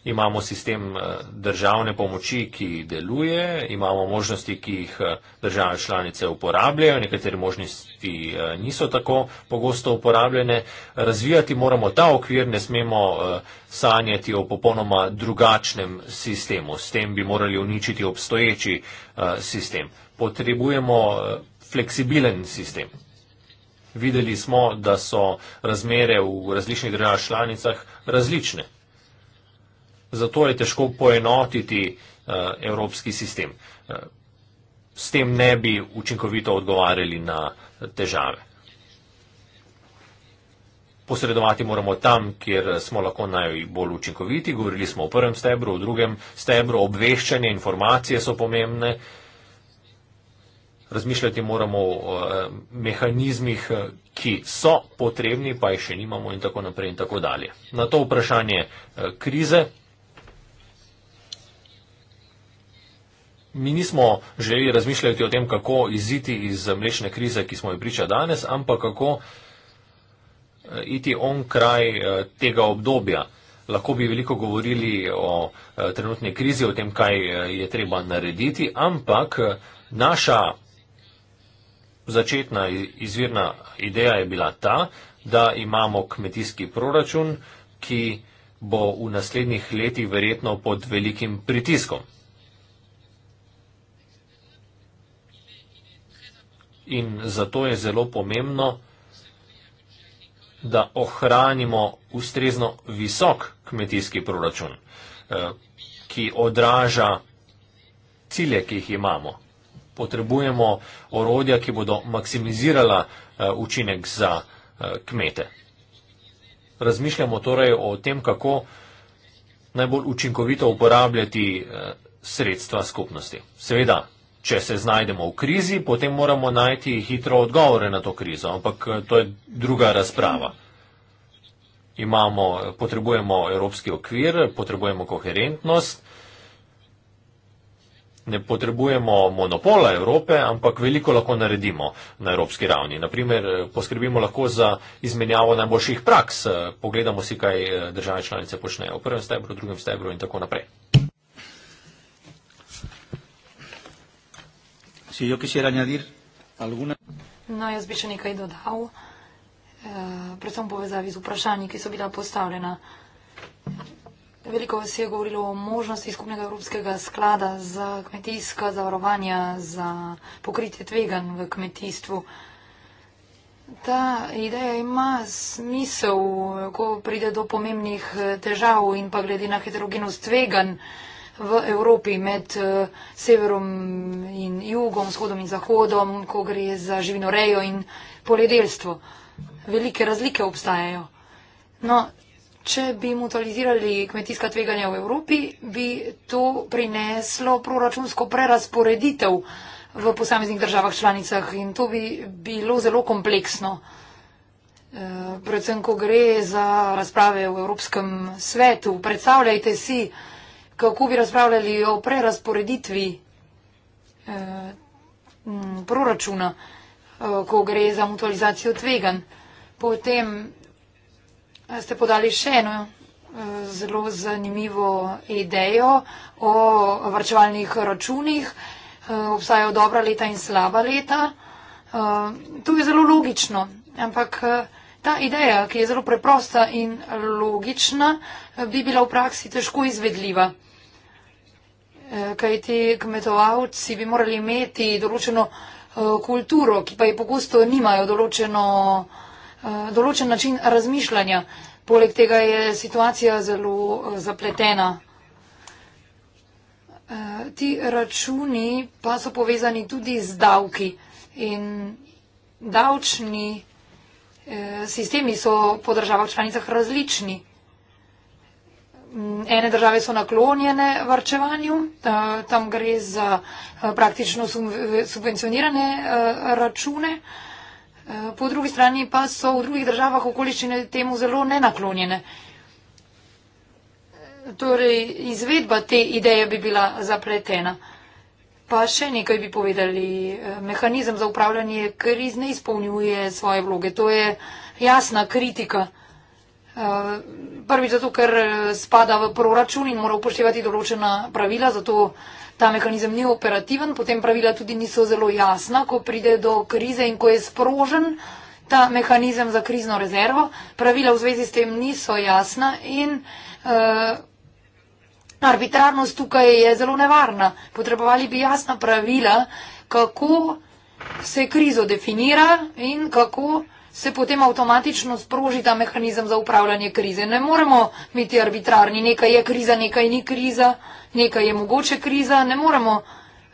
imamo sistem eh, državne pomoči, ki deluje, imamo možnosti, ki jih eh, države članice uporabljajo, nekatere možnosti eh, niso tako pogosto uporabljene. Razvijati moramo ta okvir, ne smemo sanjati o popolnoma drugačnem sistemu. S tem bi morali uničiti obstoječi sistem. Potrebujemo fleksibilen sistem. Videli smo, da so razmere v različnih državah članicah različne zato je težko poenotiti uh, evropski sistem. Uh, s tem ne bi učinkovito odgovarjali na težave. Posredovati moramo tam, kjer smo lahko najbolj učinkoviti. Govorili smo o prvem stebru, o drugem stebru, obveščanje, informacije so pomembne. Razmišljati moramo o eh, mehanizmih, ki so potrebni, pa jih še nimamo in tako naprej in tako dalje. Na to vprašanje krize mi nismo želeli razmišljati o tem, kako iziti iz mlečne krize, ki smo jo priča danes, ampak kako eh, iti on kraj eh, tega obdobja. Lahko bi veliko govorili o eh, trenutni krizi, o tem, kaj je treba narediti, ampak naša začetna izvirna ideja je bila ta, da imamo kmetijski proračun, ki bo v naslednjih letih verjetno pod velikim pritiskom. in zato je zelo pomembno, da ohranimo ustrezno visok kmetijski proračun, eh, ki odraža cilje, ki jih imamo. Potrebujemo orodja, ki bodo maksimizirala eh, učinek za eh, kmete. Razmišljamo torej o tem, kako najbolj učinkovito uporabljati sredstva skupnosti. Seveda, Če se znajdemo v krizi, potem moramo najti hitro odgovore na to krizo, ampak eh, to je druga razprava. Imamo, eh, potrebujemo evropski okvir, potrebujemo koherentnost, ne potrebujemo monopola Evrope, ampak veliko lahko naredimo na evropski ravni. Naprimer, eh, poskrbimo lahko za izmenjavo najboljših praks, pogledamo si, kaj države članice počnejo v prvem stebru, v drugem stebru in tako naprej. si yo quisiera añadir alguna. No, jaz bi še nekaj dodal, eh, predvsem v povezavi z vprašanji, ki so bila postavljena. Veliko se je govorilo o možnosti skupnega evropskega sklada za kmetijska zavarovanja, za pokritje tvegan v kmetijstvu. Ta ideja ima smisel, ko pride do pomembnih težav in pa glede na heterogenost tvegan. Eh, v Evropi med eh, severom in jugom, vzhodom in zahodom, ko gre za živinorejo in poljedelstvo. Velike razlike obstajajo. No, če bi mutualizirali kmetijska tveganja v Evropi, bi to prineslo proračunsko prerasporeditev v posameznih državah članicah in to bi bilo zelo kompleksno. Eh, predvsem, ko gre za razprave v Evropskem svetu. Predstavljajte si, kako bi razpravljali o prerasporeditvi eh, proračuna, eh, ko gre za mutualizacijo tvegan. Potem eh, ste podali še eno zelo zanimivo idejo o varčevalnih računih. Obstajajo dobra leta in slaba leta. To je zelo logično, ampak ta ideja, ki je zelo preprosta in logična, bi bila v praksi težko izvedljiva. Eh, kaj ti kmetovalci bi morali imeti določeno eh, kulturo, ki pa je pogosto nimajo določeno, eh, določen način razmišljanja. Poleg tega je situacija zelo zapletena. Ti računi pa so povezani tudi z davki in davčni sistemi so po državah članicah različni. Mm, ene države so naklonjene varčevanju, eh, tam gre za eh, praktično subvencionirane eh, račune, po drugi strani pa so v drugih državah okoliščine temu zelo nenaklonjene. Torej, izvedba te ideje bi bila zapletena. Pa še nekaj bi povedali. Mehanizem za upravljanje kriz ne izpolnjuje svoje vloge. To je jasna kritika. Eh, prvič zato, ker eh, spada v proračun in mora upoštevati določena pravila, zato ta mehanizem ni operativen, potem pravila tudi niso zelo jasna, ko pride do krize in ko je sprožen ta mehanizem za krizno rezervo. Pravila v zvezi s tem niso jasna in uh, arbitrarnost tukaj je zelo nevarna. Potrebovali bi jasna pravila, kako se krizo definira in kako se potem avtomatično sproži ta mehanizem za upravljanje krize. Ne moremo biti arbitrarni, nekaj je kriza, nekaj ni kriza, nekaj je mogoče kriza, ne moremo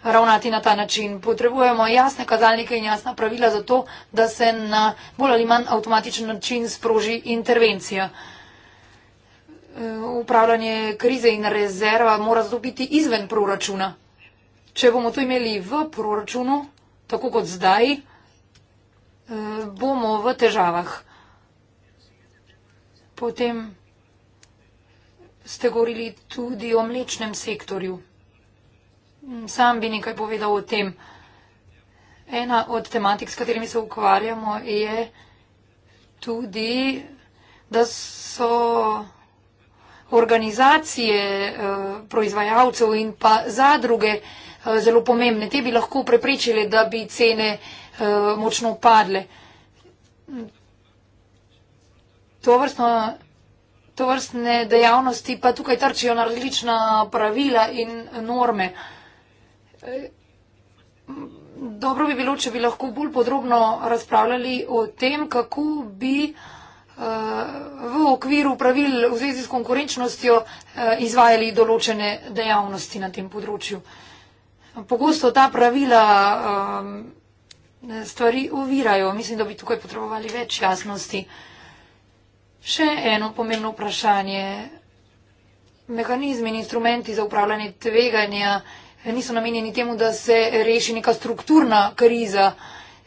ravnati na ta način. Potrebujemo jasne kazalnike in jasna pravila za to, da se na bolj ali manj avtomatičen način sproži intervencija. Eh, upravljanje krize in rezerva mora zato biti izven proračuna. Če bomo to imeli v proračunu, tako kot zdaj, bomo v težavah. Potem ste govorili tudi o mlečnem sektorju. Sam bi nekaj povedal o tem. Ena od tematik, s katerimi se ukvarjamo, je tudi, da so organizacije eh, proizvajalcev in pa zadruge eh, zelo pomembne. Te bi lahko preprečile, da bi cene Eh, močno upadle. To vrstno. To vrstne dejavnosti pa tukaj trčijo na različna pravila in norme. Eh, dobro bi bilo, če bi lahko bolj podrobno razpravljali o tem, kako bi eh, v okviru pravil v zvezi s konkurenčnostjo izvajali določene dejavnosti na tem področju. Pogosto ta pravila stvari ovirajo. Mislim, da bi tukaj potrebovali več jasnosti. Še eno pomembno vprašanje. Mehanizmi in instrumenti za upravljanje tveganja niso namenjeni temu, da se reši neka strukturna kriza.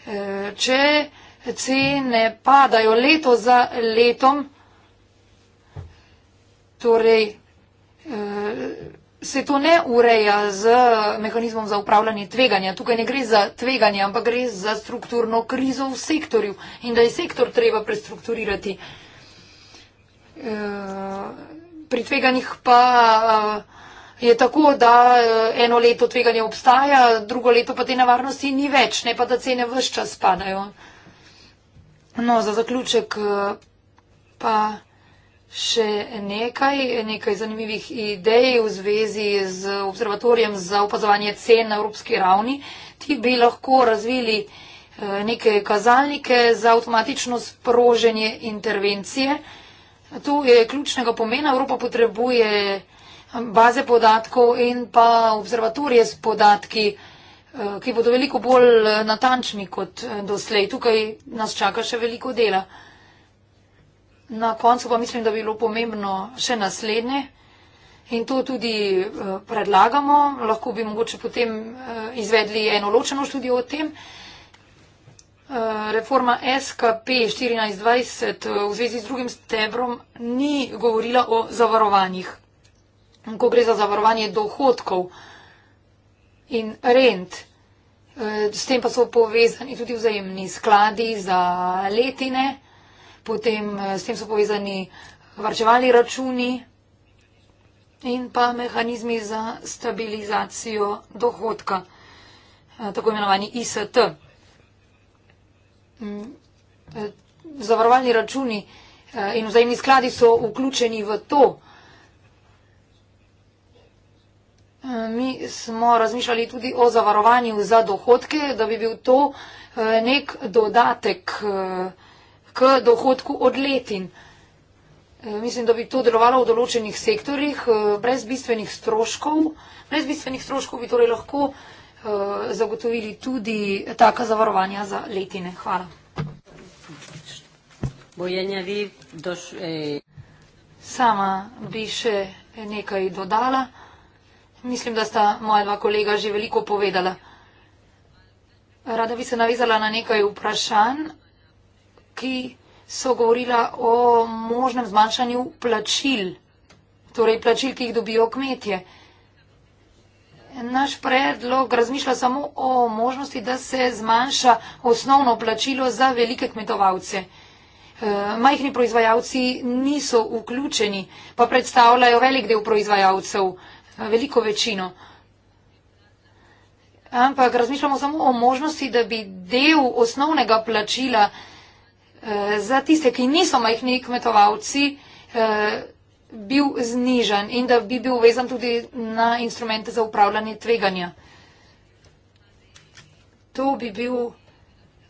E, če cene padajo leto za letom, torej e, se to ne ureja z mehanizmom za upravljanje tveganja. Tukaj ne gre za tveganje, ampak gre za strukturno krizo v sektorju in da je sektor treba prestrukturirati. E, pri tveganjih pa e, je tako, da e, eno leto tveganje obstaja, drugo leto pa te nevarnosti ni več, ne pa da cene vse čas spadajo. No, za zaključek pa še nekaj, nekaj zanimivih idej v zvezi z observatorijem za opazovanje cen na evropski ravni. Ti bi lahko razvili eh, neke kazalnike za avtomatično sproženje intervencije. To je ključnega pomena. Evropa potrebuje eh, baze podatkov in pa observatorije s podatki, eh, ki bodo veliko bolj natančni kot doslej. Tukaj nas čaka še veliko dela. Na koncu pa mislim, da bi bilo pomembno še naslednje in to tudi eh, predlagamo. Lahko bi mogoče potem eh, izvedli eno ločeno študijo o tem. Eh, reforma SKP 1420 v zvezi z drugim stebrom ni govorila o zavarovanjih. Ko gre za zavarovanje dohodkov in rent, s tem pa so povezani tudi vzajemni skladi za letine potem eh, s tem so povezani varčevalni računi in pa mehanizmi za stabilizacijo dohodka, eh, tako imenovani IST. Mm, eh, zavarovalni računi in vzajemni skladi so vključeni v to. Mi smo razmišljali tudi o zavarovanju za dohodke, da bi bil to nek dodatek k dohodku od letin. E, mislim, da bi to delovalo v določenih sektorjih, e, brez bistvenih stroškov. Brez bistvenih stroškov bi torej lahko e, zagotovili tudi taka zavarovanja za letine. Hvala. Bojenja, vi doš... Sama bi še nekaj dodala. Mislim, da sta moja dva kolega že veliko povedala. Rada bi se navizala na nekaj vprašanj ki so govorila o možnem zmanjšanju plačil, torej plačil, ki jih dobijo kmetje. Naš predlog razmišlja samo o možnosti, da se zmanjša osnovno plačilo za velike kmetovalce. E, majhni proizvajalci niso vključeni, pa predstavljajo velik del proizvajalcev, e, veliko večino. Ampak razmišljamo samo o možnosti, da bi del osnovnega plačila Eh, za tiste, ki niso majhni kmetovalci, eh, bil znižen in da bi bil vezan tudi na instrumente za upravljanje tveganja. To bi bil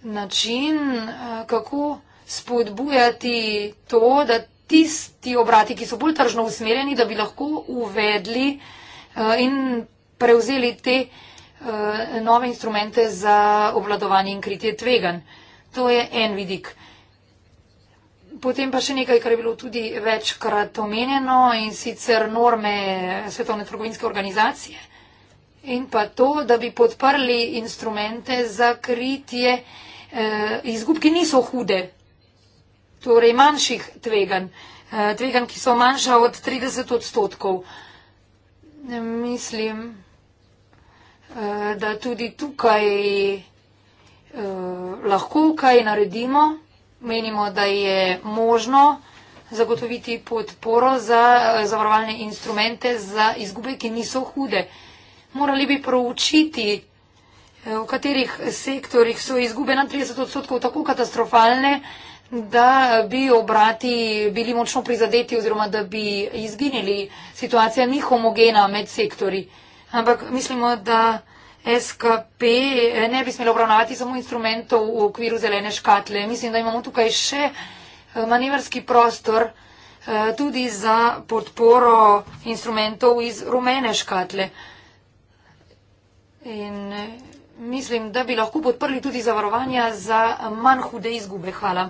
način, eh, kako spodbujati to, da tisti obrati, ki so bolj tržno usmerjeni, da bi lahko uvedli in prevzeli te nove instrumente za obladovanje in kritje tveganj. To je en vidik. Potem pa še nekaj, kar je bilo tudi večkrat omenjeno in sicer norme Svetovne trgovinske organizacije in pa to, da bi podprli instrumente za kritje eh, izgub, ki niso hude, torej manjših tvegan, eh, tvegan, ki so manjša od 30 odstotkov. Mislim, eh, da tudi tukaj eh, lahko kaj naredimo menimo, da je možno zagotoviti podporo za eh, zavarovalne instrumente za izgube, ki niso hude. Morali bi proučiti, eh, v katerih sektorjih so izgube na 30 odstotkov tako katastrofalne, da bi obrati bili močno prizadeti oziroma da bi izginili. Situacija ni homogena med sektori. Ampak mislimo, da. SKP eh, ne bi smelo obravnavati samo instrumentov v okviru zelene škatle. Mislim, da imamo tukaj še eh, manevrski prostor eh, tudi za podporo instrumentov iz rumene škatle. In mislim, da bi lahko podprli tudi zavarovanja za manj hude izgube. Hvala.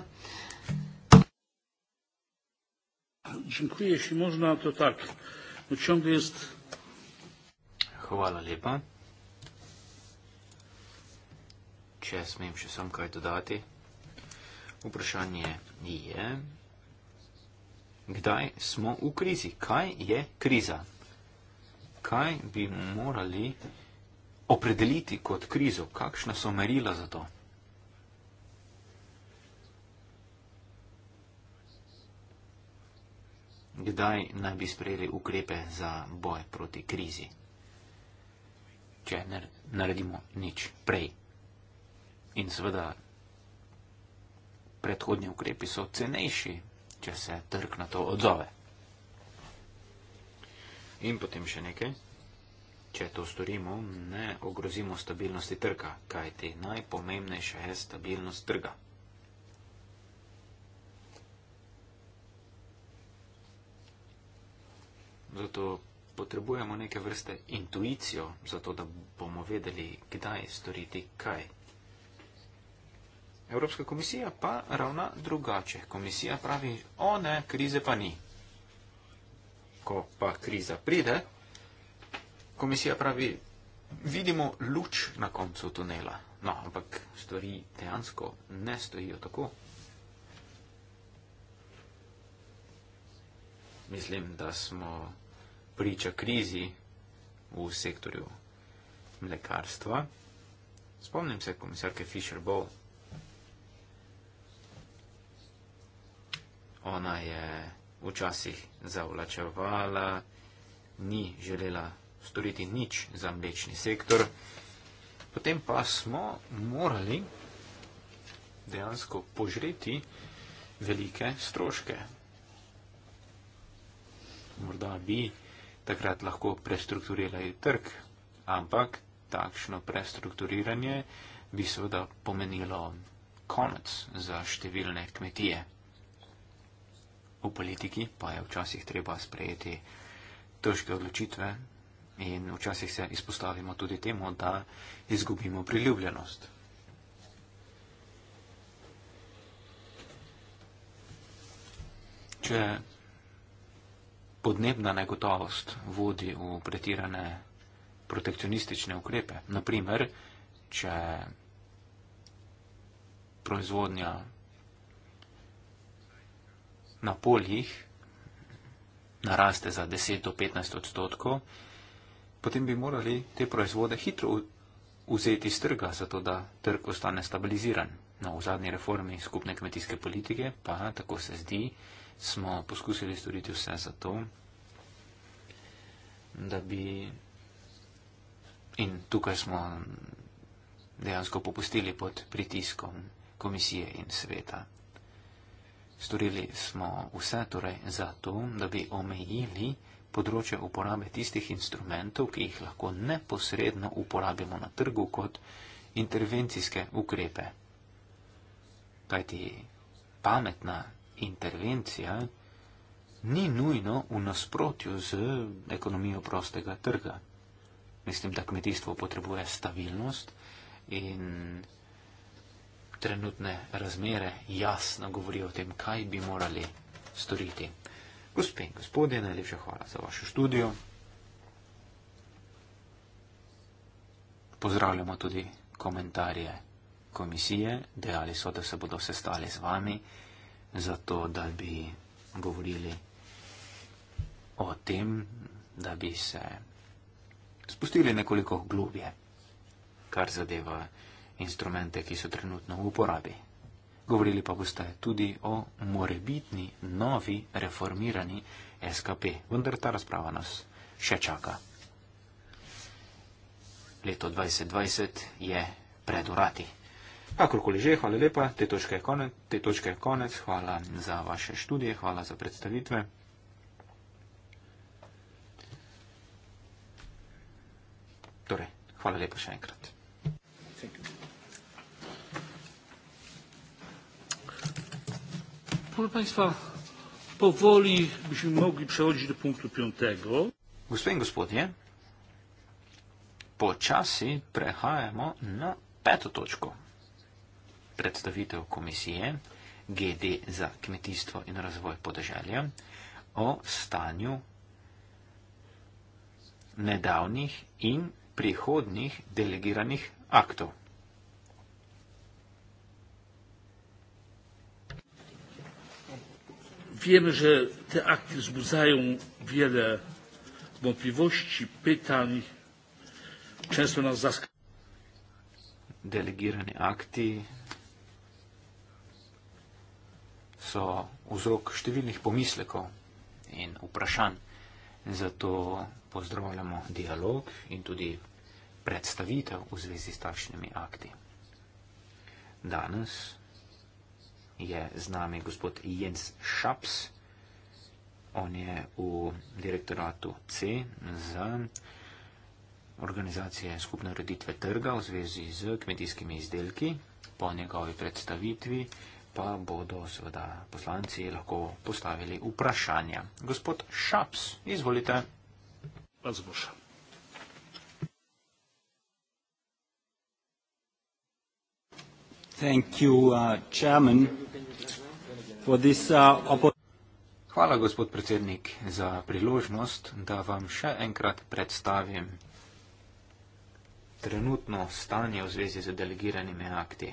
Hvala lepa. če smem še sam kaj dodati. Vprašanje je, kdaj smo v krizi? Kaj je kriza? Kaj bi morali opredeliti kot krizo? Kakšna so merila za to? Kdaj naj bi sprejeli ukrepe za boj proti krizi, če ne naredimo nič prej? In seveda, predhodni ukrepi so cenejši, če se trg na to odzove. In potem še nekaj. Če to storimo, ne ogrozimo stabilnosti trga, kajti najpomembnejša je stabilnost trga. Zato potrebujemo neke vrste intuicijo, zato da bomo vedeli, kdaj storiti kaj. Evropska komisija pa ravna drugače. Komisija pravi, o ne, krize pa ni. Ko pa kriza pride, komisija pravi, vidimo luč na koncu tunela. No, ampak stvari dejansko ne stojijo tako. Mislim, da smo priča krizi v sektorju mlekarstva. Spomnim se komisarke Fisher-Bowl, ona je včasih zavlačevala, ni želela storiti nič za mlečni sektor. Potem pa smo morali dejansko požreti velike stroške. Morda bi takrat lahko prestrukturirali trg, ampak takšno prestrukturiranje bi seveda pomenilo konec za številne kmetije v politiki, pa je včasih treba sprejeti težke odločitve in včasih se izpostavimo tudi temu, da izgubimo priljubljenost. Če podnebna negotovost vodi v pretirane protekcionistične ukrepe, naprimer, če proizvodnja na poljih naraste za 10 do 15 odstotkov, potem bi morali te proizvode hitro vzeti iz trga, zato da trg ostane stabiliziran. Na no, zadnji reformi skupne kmetijske politike pa, tako se zdi, smo poskusili storiti vse za to, da bi in tukaj smo dejansko popustili pod pritiskom komisije in sveta. Storili smo vse torej zato, da bi omejili področje uporabe tistih instrumentov, ki jih lahko neposredno uporabimo na trgu kot intervencijske ukrepe. Kajti pametna intervencija ni nujno v nasprotju z ekonomijo prostega trga. Mislim, da kmetijstvo potrebuje stabilnost in trenutne razmere jasno govorijo o tem, kaj bi morali storiti. Gospe in gospodje, najlepša hvala za vašo študijo. Pozdravljamo tudi komentarje komisije, dejali so, da se bodo sestali z vami, zato da bi govorili o tem, da bi se spustili nekoliko globje, kar zadeva instrumente, ki so trenutno v uporabi. Govorili pa boste tudi o morebitni novi reformirani SKP, vendar ta razprava nas še čaka. Leto 2020 je pred urati. Kakorkoli že, hvala lepa, te točke je konec, te točke je konec, hvala za vaše študije, hvala za predstavitve. Torej, hvala lepa še enkrat. Proszę Państwa, powoli byśmy mogli przechodzić do punktu piątego. Gospodin gospodje, po czasie przechajemy na petą toczkę. Przedstawitel komisji GD za kmetystwo i rozwój podeżelia o staniu nedawnych i przychodnich delegiranych aktów. wiemy, że te akty wzbudzają wiele wątpliwości, pytań, często nas zaskakują. Delegirane akty so vzrok številnih pomislekov in vprašanj. Zato pozdravljamo dialog in tudi predstavitev v zvezi s takšnimi akti. Danes je z nami gospod Jens Šaps. On je v direktoratu C za organizacije skupne roditve trga v zvezi z kmetijskimi izdelki. Po njegovi predstavitvi pa bodo seveda poslanci lahko postavili vprašanja. Gospod Šaps, izvolite. Razboša. Thank you, uh, Chairman this, uh, Hvala, gospod predsednik, za priložnost, da vam še enkrat predstavim trenutno stanje v zvezi z delegiranimi akti.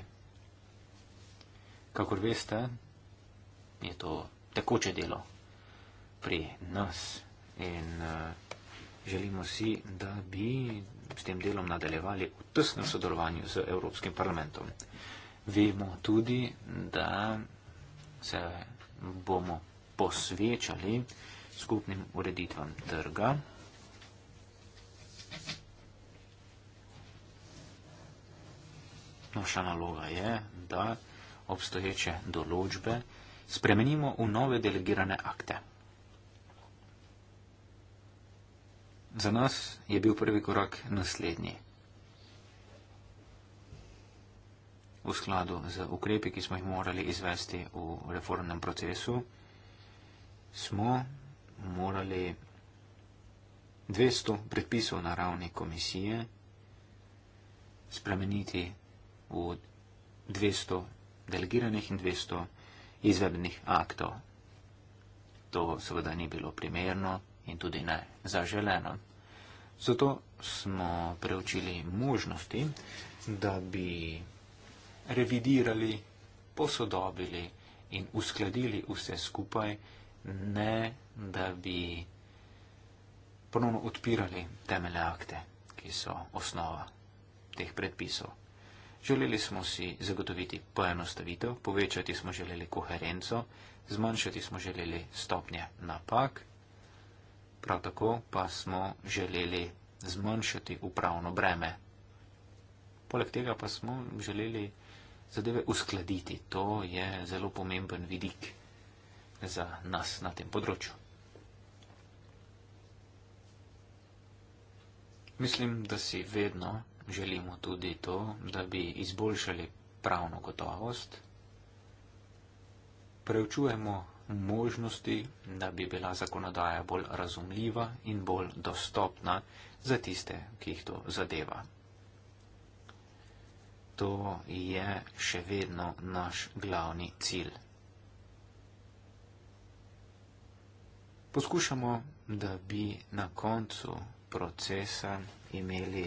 Kakor veste, je to tekoče delo pri nas in uh, želimo si, da bi s tem delom nadaljevali v tesnem sodelovanju z Evropskim parlamentom. Vemo tudi, da se bomo posvečali skupnim ureditvam trga. Naša naloga je, da obstoječe določbe spremenimo v nove delegirane akte. Za nas je bil prvi korak naslednji. v skladu z ukrepi, ki smo jih morali izvesti v reformnem procesu, smo morali 200 predpisov na ravni komisije spremeniti v 200 delegiranih in 200 izvedbenih aktov. To seveda ni bilo primerno in tudi ne zaželeno. Zato smo preučili možnosti, da bi revidirali, posodobili in uskladili vse skupaj, ne da bi ponovno odpirali temele akte, ki so osnova teh predpisov. Želeli smo si zagotoviti poenostavitev, povečati smo želeli koherenco, zmanjšati smo želeli stopnje napak, prav tako pa smo želeli zmanjšati upravno breme. Poleg tega pa smo želeli zadeve uskladiti. To je zelo pomemben vidik za nas na tem področju. Mislim, da si vedno želimo tudi to, da bi izboljšali pravno gotovost. Preučujemo možnosti, da bi bila zakonodaja bolj razumljiva in bolj dostopna za tiste, ki jih to zadeva to je še vedno naš glavni cilj. Poskušamo, da bi na koncu procesa imeli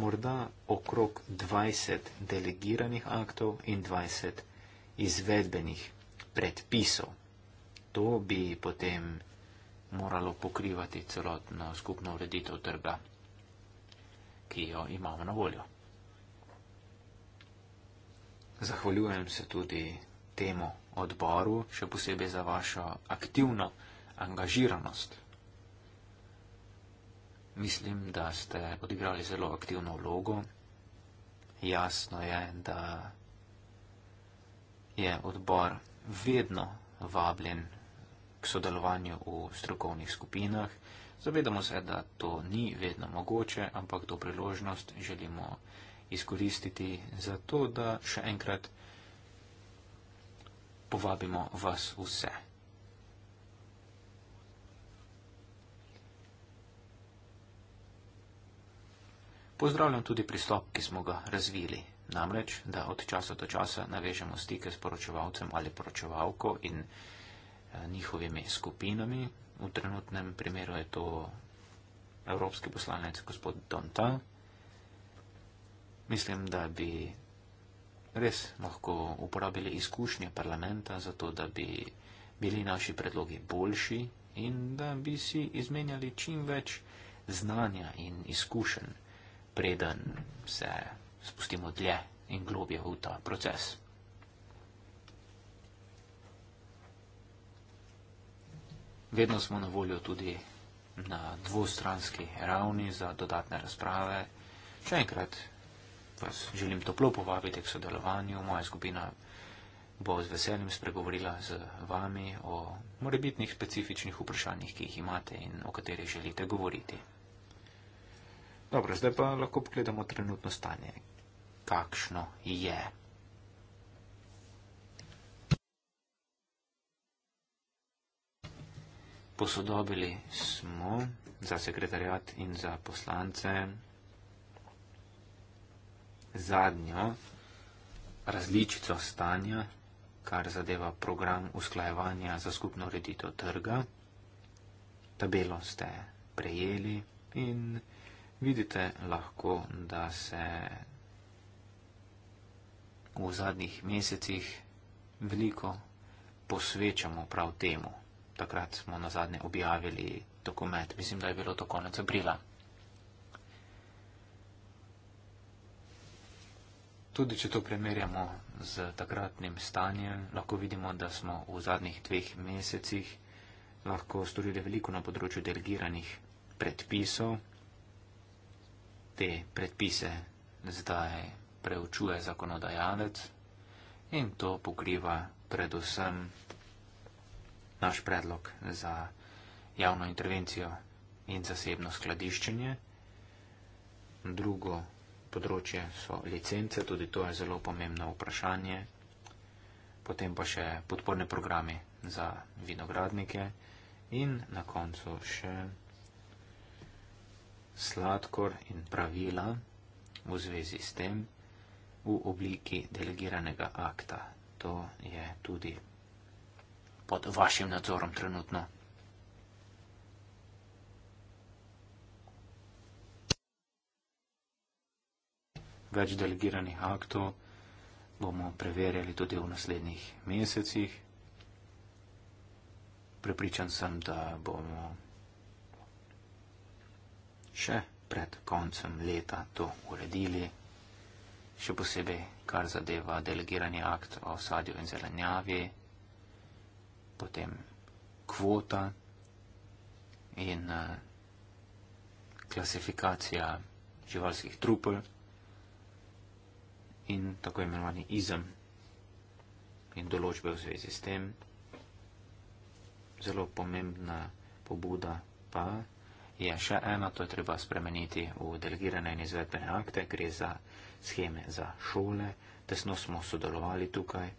morda okrog 20 delegiranih aktov in 20 izvedbenih predpisov. To bi potem moralo pokrivati celotno skupno ureditev trga, ki jo imamo na voljo. Zahvaljujem se tudi temu odboru, še posebej za vašo aktivno angažiranost. Mislim, da ste odigrali zelo aktivno vlogo. Jasno je, da je odbor vedno vabljen k sodelovanju v strokovnih skupinah. Zavedamo se, da to ni vedno mogoče, ampak to priložnost želimo izkoristiti za to, da še enkrat povabimo vas vse. Pozdravljam tudi pristop, ki smo ga razvili, namreč, da od časa do časa navežemo stike s poročevalcem ali poročevalko in eh, njihovimi skupinami. V trenutnem primeru je to evropski poslanec gospod Dontan. Mislim, da bi res lahko uporabili izkušnje parlamenta za to, da bi bili naši predlogi boljši in da bi si izmenjali čim več znanja in izkušenj, preden se spustimo dlje in globje v ta proces. Vedno smo na voljo tudi na dvostranski ravni za dodatne razprave. Še enkrat vas želim toplo povabiti k sodelovanju. Moja skupina bo z veseljem spregovorila z vami o morebitnih specifičnih vprašanjih, ki jih imate in o katerih želite govoriti. Dobro, zdaj pa lahko pogledamo trenutno stanje. Kakšno je? Posodobili smo za sekretarjat in za poslance zadnjo različico stanja, kar zadeva program usklajevanja za skupno ureditev trga. Tabelo ste prejeli in vidite lahko, da se v zadnjih mesecih veliko posvečamo prav temu. Takrat smo na zadnje objavili dokument, mislim, da je bilo to konec aprila. Tudi če to primerjamo z takratnim stanjem, lahko vidimo, da smo v zadnjih dveh mesecih lahko storili veliko na področju delegiranih predpisov. Te predpise zdaj preučuje zakonodajalec in to pokriva predvsem naš predlog za javno intervencijo in zasebno skladiščenje. Drugo področje so licence, tudi to je zelo pomembno vprašanje. Potem pa še podporne programe za vinogradnike in na koncu še sladkor in pravila v zvezi s tem v obliki delegiranega akta. To je tudi pod vašim nadzorom trenutno. več delegiranih aktov, bomo preverjali tudi v naslednjih mesecih. Prepričan sem, da bomo še pred koncem leta to uredili, še posebej, kar zadeva delegirani akt o sadju in zelenjavi, potem kvota in eh, klasifikacija živalskih trupel in tako imenovani izem in določbe v zvezi s tem. Zelo pomembna pobuda pa je še ena, to je treba spremeniti v delegirane in izvedbene akte, gre za scheme za šole, tesno smo sodelovali tukaj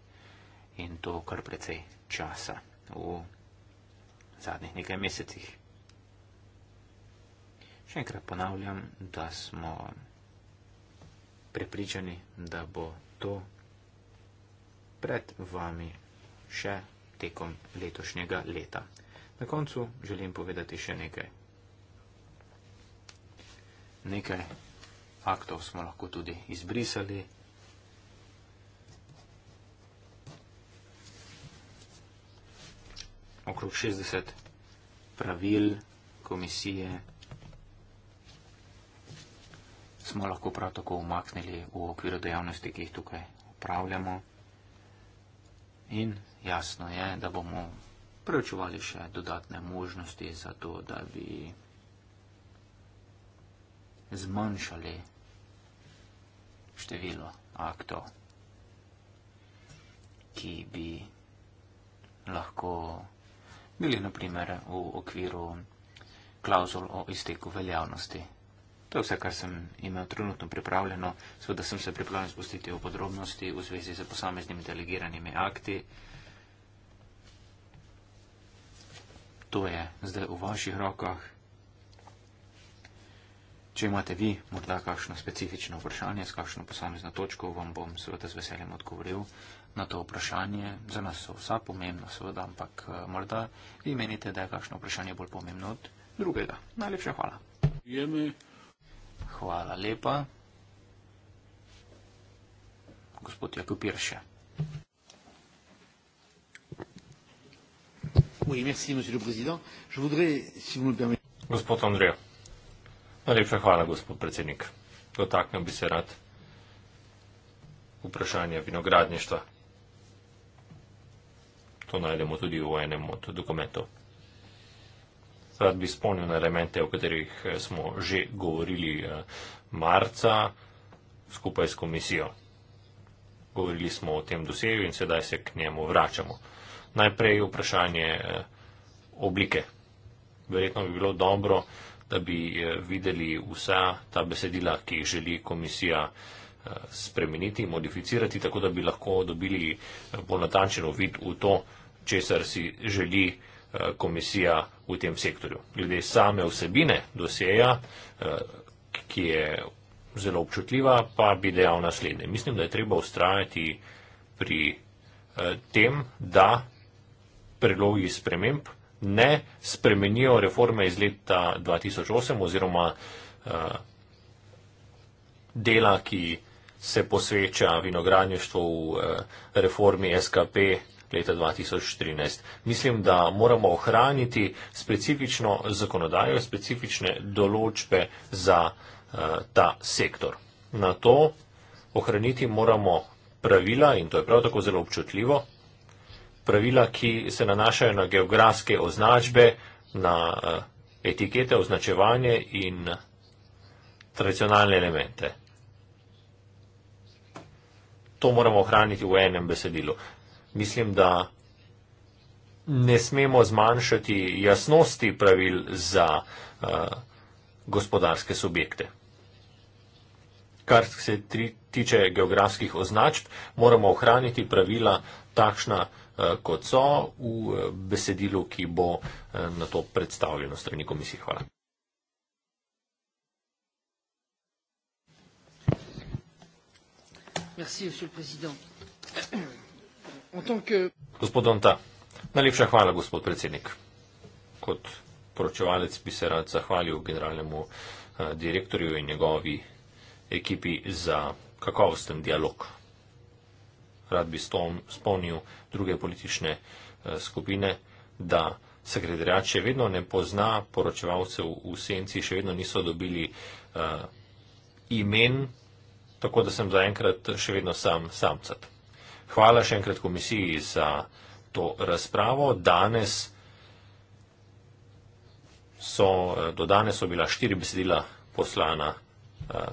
in to kar precej časa v zadnjih nekaj mesecih. Še enkrat ponavljam, da smo prepričani, da bo to pred vami še tekom letošnjega leta. Na koncu želim povedati še nekaj. Nekaj aktov smo lahko tudi izbrisali. Okrog 60 pravil komisije smo lahko prav tako umaknili v okviru dejavnosti, ki jih tukaj upravljamo. In jasno je, da bomo preučevali še dodatne možnosti za to, da bi zmanjšali število aktov, ki bi lahko bili naprimer v okviru klauzul o izteku veljavnosti To je vse, kar sem imel trenutno pripravljeno. Sveda sem se pripravljen spustiti v podrobnosti v zvezi z posameznimi delegiranimi akti. To je zdaj v vaših rokah. Če imate vi morda kakšno specifično vprašanje s kakšno posamezno točko, vam bom seveda z veseljem odgovoril na to vprašanje. Za nas so vsa pomembna, seveda, ampak eh, morda vi menite, da je kakšno vprašanje bolj pomembno od drugega. Najlepša hvala. Jeme. Hvala lepa. Gospod Jakub Irša. Gospod Andrej, najlepša hvala, gospod predsednik. Dotaknil bi se rad vprašanja vinogradništva. To najdemo tudi v enem od dokumentov. Rad bi spomnil na elemente, o katerih eh, smo že govorili eh, marca skupaj s komisijo. Govorili smo o tem dosegu in sedaj se k njemu vračamo. Najprej vprašanje eh, oblike. Verjetno bi bilo dobro, da bi videli vsa ta besedila, ki jih želi komisija spremeniti, modificirati, tako da bi lahko dobili bolj natančen vid v to, česar si želi komisija komisija v tem sektorju. Glede same vsebine dosjeja, eh, ki je zelo občutljiva, pa bi dejal naslednje. Mislim, da je treba ustrajati pri eh, tem, da predlogi sprememb ne spremenijo reforme iz leta 2008 oziroma eh, dela, ki se posveča vinogradništvu v reformi SKP leta 2013. Mislim, da moramo ohraniti specifično zakonodajo, specifične določbe za uh, ta sektor. Na to ohraniti moramo pravila in to je prav tako zelo občutljivo. Pravila, ki se nanašajo na geografske označbe, na uh, etikete, označevanje in tradicionalne elemente. To moramo ohraniti v enem besedilu mislim, da ne smemo zmanjšati jasnosti pravil za uh, gospodarske subjekte. Kar se tri, tiče geografskih označb, moramo ohraniti pravila takšna, uh, kot so v uh, besedilu, ki bo uh, na to predstavljeno strani komisije. Hvala. Merci, monsieur le président v tom, ki. Gospod Donta, najlepša hvala, gospod predsednik. Kot poročevalec bi se rad zahvalil generalnemu eh, direktorju in njegovi ekipi za kakovosten dialog. Rad bi spomnil druge politične eh, skupine, da sekretarjat še vedno ne pozna poročevalcev v senci, še vedno niso dobili uh, imen, tako da sem zaenkrat še vedno sam samcat. Hvala še enkrat komisiji za to razpravo. Danes so, eh, do danes so bila štiri besedila poslana eh,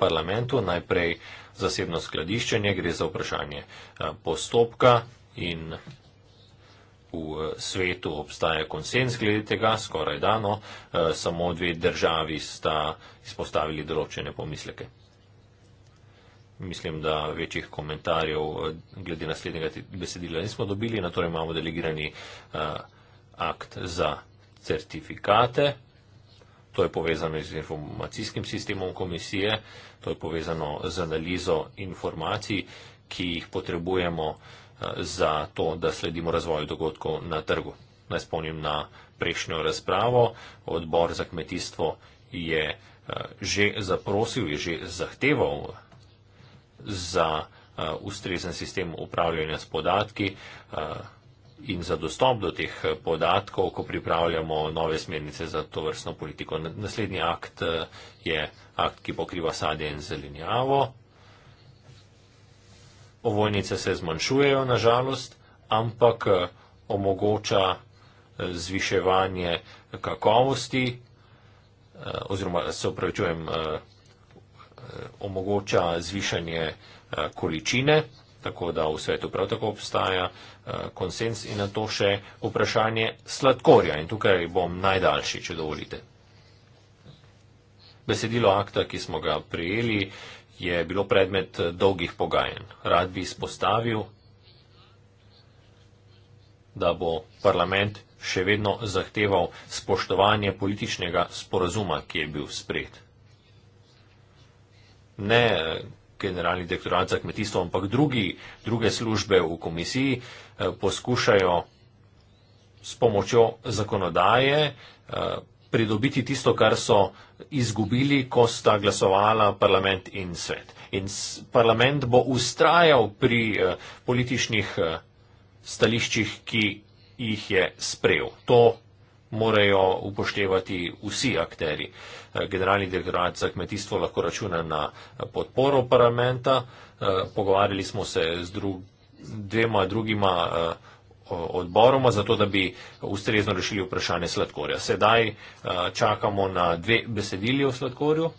parlamentu. Najprej zasebno skladiščenje, gre za vprašanje eh, postopka in v svetu obstaja konsens glede tega, skoraj dano, samo dve državi sta izpostavili določene pomisleke mislim, da večjih komentarjev eh, glede naslednjega besedila nismo dobili, na to torej imamo delegirani uh, akt za certifikate. To je povezano z informacijskim sistemom komisije, to je povezano z analizo informacij, ki jih potrebujemo eh, za to, da sledimo razvoju dogodkov na trgu. Naj spomnim na prejšnjo razpravo. Odbor za kmetijstvo je že zaprosil, je že zahteval za uh, ustrezen sistem upravljanja s podatki uh, in za dostop do teh eh, podatkov, ko pripravljamo nove smernice za to vrstno politiko. Naslednji akt uh, je akt, ki pokriva sadje in zelenjavo. Ovojnice se zmanjšujejo, nažalost, ampak uh, omogoča uh, zviševanje kakovosti uh, oziroma se upravičujem. Uh, Eh, omogoča zvišanje eh, količine, tako da v svetu prav tako obstaja eh, konsens in na to še vprašanje sladkorja. In tukaj bom najdaljši, če dovolite. Besedilo akta, ki smo ga prijeli, je bilo predmet dolgih pogajanj. Rad bi izpostavil, da bo parlament še vedno zahteval spoštovanje političnega sporazuma, ki je bil sprejet ne eh, generalni direktorat za kmetijstvo, ampak drugi, druge službe v komisiji eh, poskušajo s pomočjo zakonodaje eh, pridobiti tisto, kar so izgubili, ko sta glasovala parlament in svet. In parlament bo ustrajal pri političnih stališčih, ki jih je sprejel. To morajo upoštevati vsi akteri. Eh, Generalni direktorat za kmetijstvo lahko računa na eh, podporo parlamenta. Eh, Pogovarjali smo se z drug, dvema drugima odboroma zato, da bi ustrezno rešili vprašanje sladkorja. Sedaj čakamo na dve besedili o sladkorju.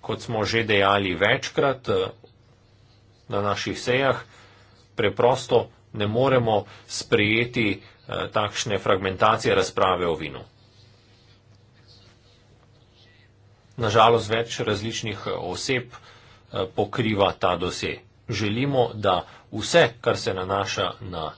Kot smo že dejali večkrat na naših sejah, preprosto ne moremo sprejeti Eh, takšne fragmentacije razprave o vinu. Nažalost, več različnih eh, oseb eh, pokriva ta dose. Želimo, da vse, kar se nanaša na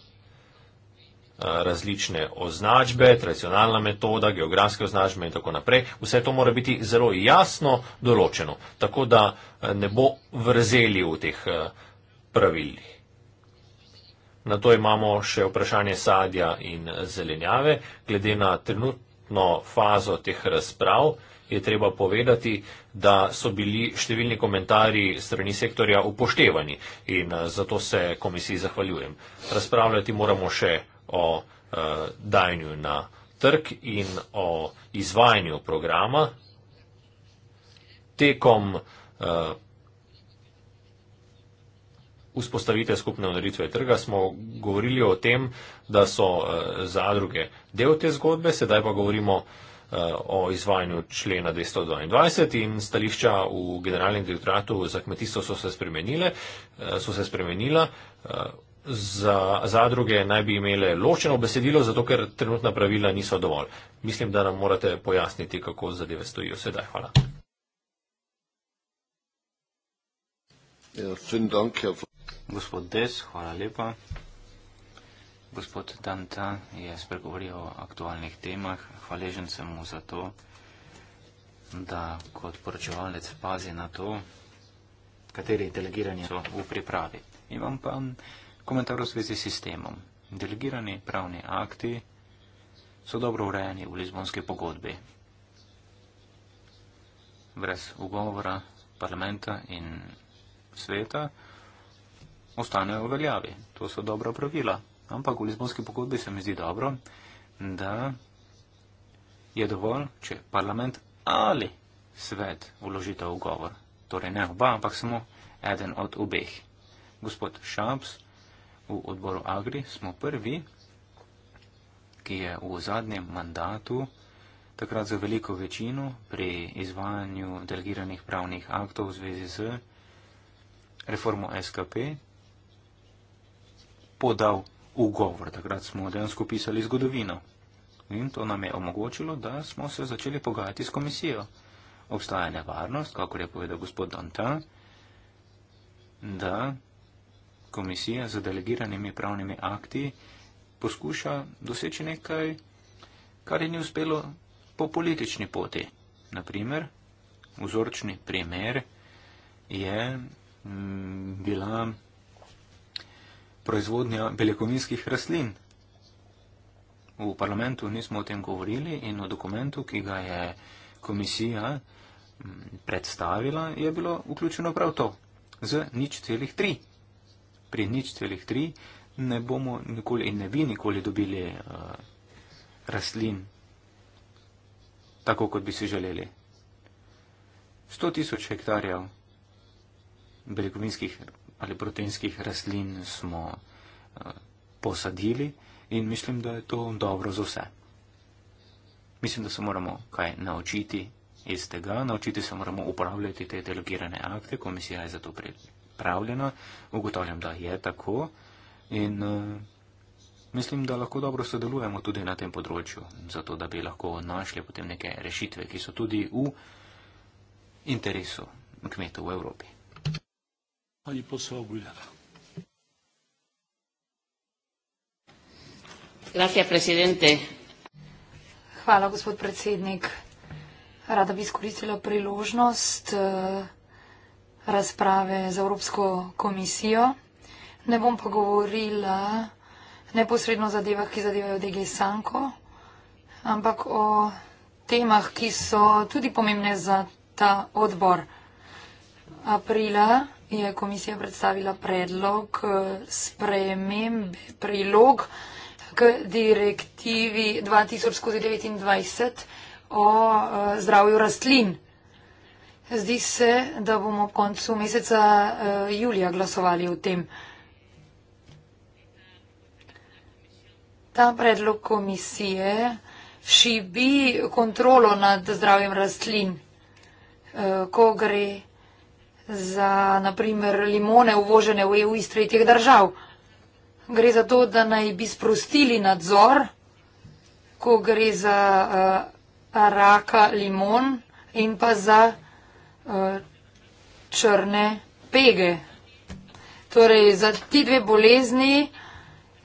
različne označbe, tradicionalna metoda, geografske označbe in tako naprej, vse to mora biti zelo jasno določeno, tako da ne bo vrzeli v teh pravilih. Na to imamo še vprašanje sadja in zelenjave. Glede na trenutno fazo teh razprav je treba povedati, da so bili številni komentarji strani sektorja upoštevani in eh, zato se komisiji zahvaljujem. Razpravljati moramo še o uh, dajanju na trg in o izvajanju programa tekom uh, vzpostavitve skupne odreditve trga smo govorili o tem, da so eh, zadruge del te zgodbe, sedaj pa govorimo eh, o izvajanju člena 222 in stališča v generalnem direktoratu za kmetijstvo so se spremenile, eh, so se spremenila. Za zadruge naj bi imele ločeno besedilo, zato ker trenutna pravila niso dovolj. Mislim, da nam morate pojasniti, kako zadeve stojijo sedaj. Hvala. Ja, Gospod Des, hvala lepa. Gospod Danta je spregovoril o aktualnih temah. Hvaležen sem mu za to, da kot poročevalec pazi na to, kateri delegirani so v pripravi. Imam pa komentar v zvezi s sistemom. Delegirani pravni akti so dobro urejeni v Lizbonski pogodbi. Brez ugovora parlamenta in sveta ostanejo v veljavi. To so dobra pravila. Ampak v Lizbonski pogodbi se mi zdi dobro, da je dovolj, če parlament ali svet vložita v govor. Torej ne oba, ampak samo eden od obeh. Gospod Šabs v odboru Agri smo prvi, ki je v zadnjem mandatu takrat za veliko večino pri izvajanju delegiranih pravnih aktov v zvezi z reformo SKP, podal ugovor. Takrat smo dejansko pisali zgodovino. In to nam je omogočilo, da smo se začeli pogajati s komisijo. Obstaja nevarnost, kako je povedal gospod Danta, da komisija z delegiranimi pravnimi akti poskuša doseči nekaj, kar je ni uspelo po politični poti. Naprimer, vzorčni primer je mm, bila proizvodnjo beljakovinskih rastlin. V parlamentu nismo o tem govorili in o dokumentu, ki ga je komisija mm, predstavila, je bilo vključeno prav to. Z nič celih tri. Pri nič celih tri ne bomo nikoli in ne bi nikoli dobili uh, rastlin tako, kot bi si želeli. 100 tisoč hektarjev beljakovinskih rastlin ali proteinskih rastlin smo eh, posadili in mislim, da je to dobro za vse. Mislim, da se moramo kaj naučiti iz tega, naučiti se moramo upravljati te delegirane akte, komisija je za to pripravljena, ugotavljam, da je tako in eh, mislim, da lahko dobro sodelujemo tudi na tem področju, zato da bi lahko našli potem neke rešitve, ki so tudi v interesu kmetov v Evropi. Pani poseł Aguilera. Gracias, presidente. Hvala, gospod predsednik. Rada bi izkoristila priložnost eh, razprave z Evropsko komisijo. Ne bom pa govorila neposredno o zadevah, ki zadevajo DG Sanko, ampak o temah, ki so tudi pomembne za ta odbor. Aprila je komisija predstavila predlog eh, spremembe prilog k direktivi 2000-29 o eh, zdravju rastlin. Zdi se, da bomo ob koncu meseca eh, julija glasovali o tem. Ta predlog komisije šibi kontrolo nad zdravjem rastlin, ko gre za naprimer limone uvožene v EU iz tretjih držav. Gre za to, da naj bi sprostili nadzor, ko gre za uh, raka limon in pa za uh, črne pege. Torej, za ti dve bolezni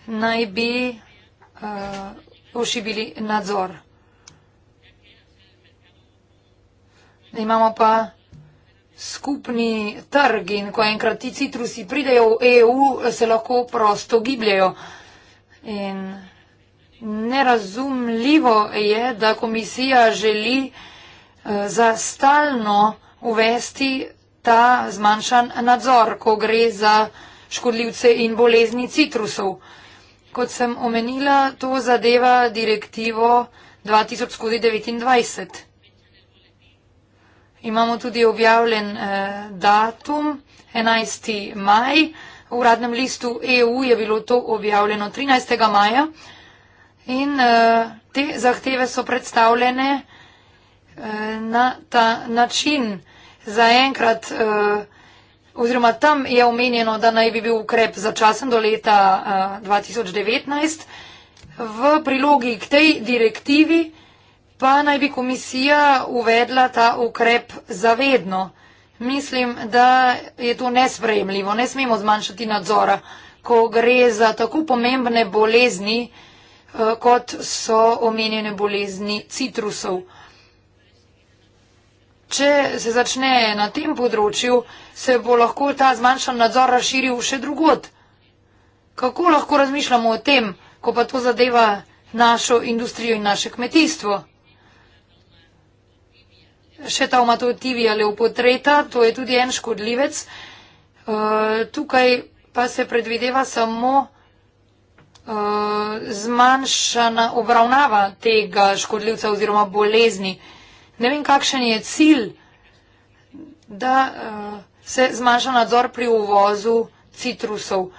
naj bi uh, ošibili nadzor. Imamo pa skupni trg in ko enkrat ti citrusi pridejo v EU, se lahko prosto gibljajo. In nerazumljivo je, da komisija želi eh, za stalno uvesti ta zmanjšan nadzor, ko gre za škodljivce in bolezni citrusov. Kot sem omenila, to zadeva direktivo 2019. Imamo tudi objavljen eh, datum 11. maj. V uradnem listu EU je bilo to objavljeno 13. maja. In eh, te zahteve so predstavljene eh, na ta način. Za enkrat, eh, oziroma tam je omenjeno, da naj bi bil ukrep začasen do leta eh, 2019. V prilogi k tej direktivi pa naj bi komisija uvedla ta ukrep zavedno. Mislim, da je to nespremljivo. Ne smemo zmanjšati nadzora, ko gre za tako pomembne bolezni, eh, kot so omenjene bolezni citrusov. Če se začne na tem področju, se bo lahko ta zmanjšan nadzor razširil še drugod. Kako lahko razmišljamo o tem, ko pa to zadeva našo industrijo in naše kmetijstvo? še ta omatov TV ali opotreta, to je tudi en škodljivec. Uh, tukaj pa se predvideva samo uh, zmanjšana obravnava tega škodljivca oziroma bolezni. Ne vem, kakšen je cilj, da uh, se zmanjša nadzor pri uvozu citrusov.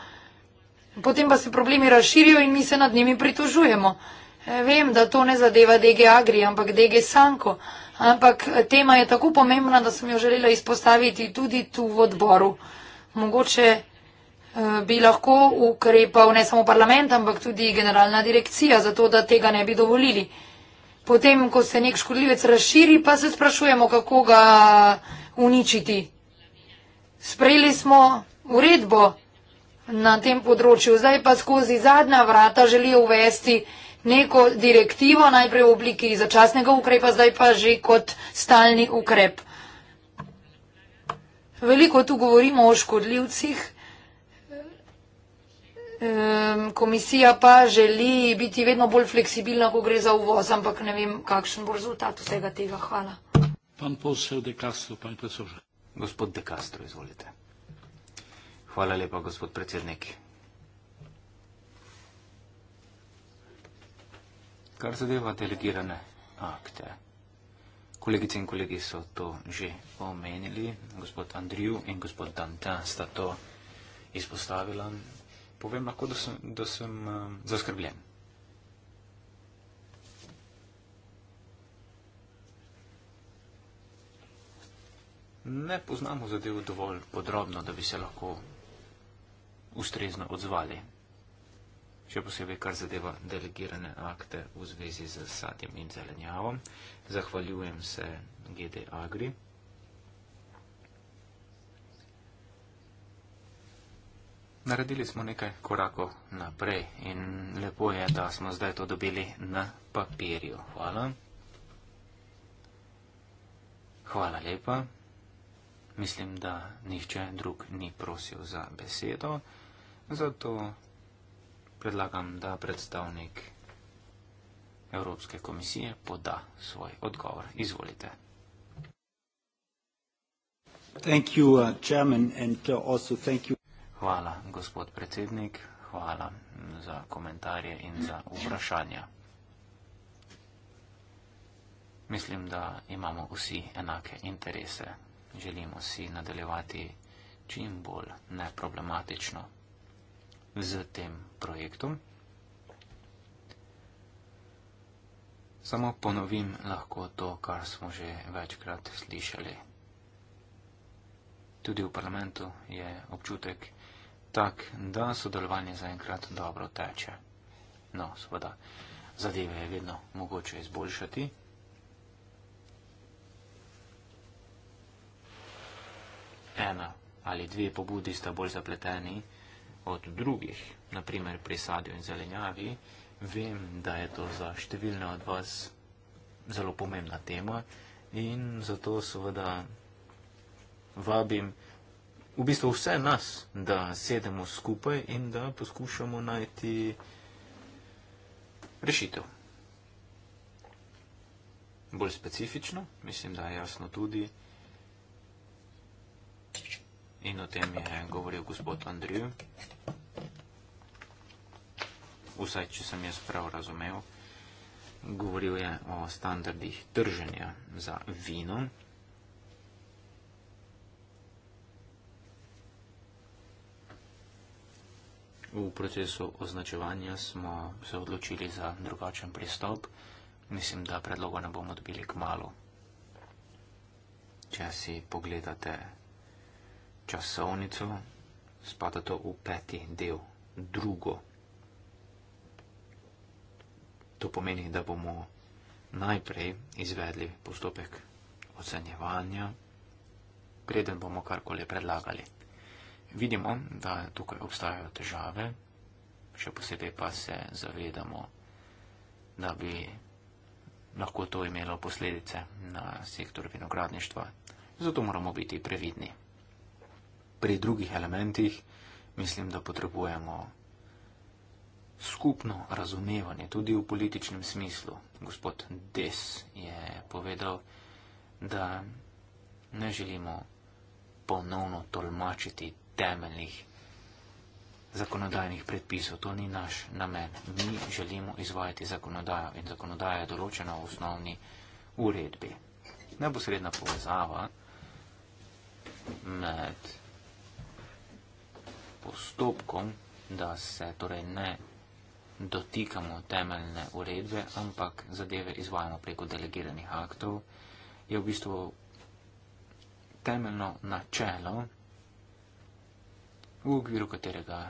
Potem pa se problemi razširijo in mi se nad njimi pritožujemo. Vem, da to ne zadeva DG Agri, ampak DG Sanko. Uh, ampak tema je tako pomembna, da sem jo želela izpostaviti tudi tu v odboru. Mogoče eh, bi lahko ukrepal ne samo parlament, ampak tudi generalna direkcija, zato da tega ne bi dovolili. Potem, ko se nek škodljivec razširi, pa se sprašujemo, kako ga uničiti. Sprejeli smo uredbo na tem področju, zdaj pa skozi zadnja vrata želijo uvesti neko direktivo, najprej v obliki začasnega ukrepa, zdaj pa že kot stalni ukrep. Veliko tu govorimo o škodljivcih. Komisija pa želi biti vedno bolj fleksibilna, ko gre za uvoz, ampak ne vem, kakšen bo rezultat vsega tega. Hvala. Pan posel de Castro, pan presožek. Gospod de Castro, izvolite. Hvala lepa, gospod predsednik. Kar zadeva delegirane akte. Kolegice in kolegi so to že omenili, gospod Andriju in gospod Dante sta to izpostavila. Povem lahko, da sem, da sem um, zaskrbljen. Ne poznamo zadev dovolj podrobno, da bi se lahko ustrezno odzvali še posebej kar zadeva delegirane akte v zvezi z sadjem in zelenjavom. Zahvaljujem se GD Agri. Naredili smo nekaj korakov naprej in lepo je, da smo zdaj to dobili na papirju. Hvala. Hvala lepa. Mislim, da nihče drug ni prosil za besedo, zato predlagam, da predstavnik Evropske komisije poda svoj odgovor. Izvolite. You, uh, and, uh, hvala, gospod predsednik, hvala za komentarje in za vprašanja. Mislim, da imamo vsi enake interese. Želimo si nadaljevati čim bolj neproblematično z tem projektom. Samo ponovim lahko to, kar smo že večkrat slišali. Tudi v parlamentu je občutek tak, da sodelovanje zaenkrat dobro teče. No, seveda, zadeve je vedno mogoče izboljšati. Ena ali dve pobudi sta bolj zapleteni od drugih, naprimer pri sadju in zelenjavi. Vem, da je to za številne od vas zelo pomembna tema in zato seveda vabim v bistvu vse nas, da sedemo skupaj in da poskušamo najti rešitev. Bolj specifično, mislim, da je jasno tudi. Thank you. In o tem je govoril gospod Andriju. Vsaj, če sem jaz prav razumel, govoril je o standardih trženja za vino. V procesu označevanja smo se odločili za drugačen pristop. Mislim, da predloga ne bomo dobili k malu. Če si pogledate časovnico, spada to v peti del, drugo. To pomeni, da bomo najprej izvedli postopek ocenjevanja, preden bomo karkoli predlagali. Vidimo, da tukaj obstajajo težave, še posebej pa se zavedamo, da bi lahko to imelo posledice na sektor vinogradništva. Zato moramo biti previdni pri drugih elementih, mislim, da potrebujemo skupno razumevanje, tudi v političnem smislu. Gospod Des je povedal, da ne želimo ponovno tolmačiti temeljnih zakonodajnih predpisov. To ni naš namen. Mi želimo izvajati zakonodajo in zakonodaja je določena v osnovni uredbi. Neposredna povezava med postopkom, da se torej ne dotikamo temeljne uredbe, ampak zadeve izvajamo preko delegiranih aktov, je v bistvu temeljno načelo, v okviru katerega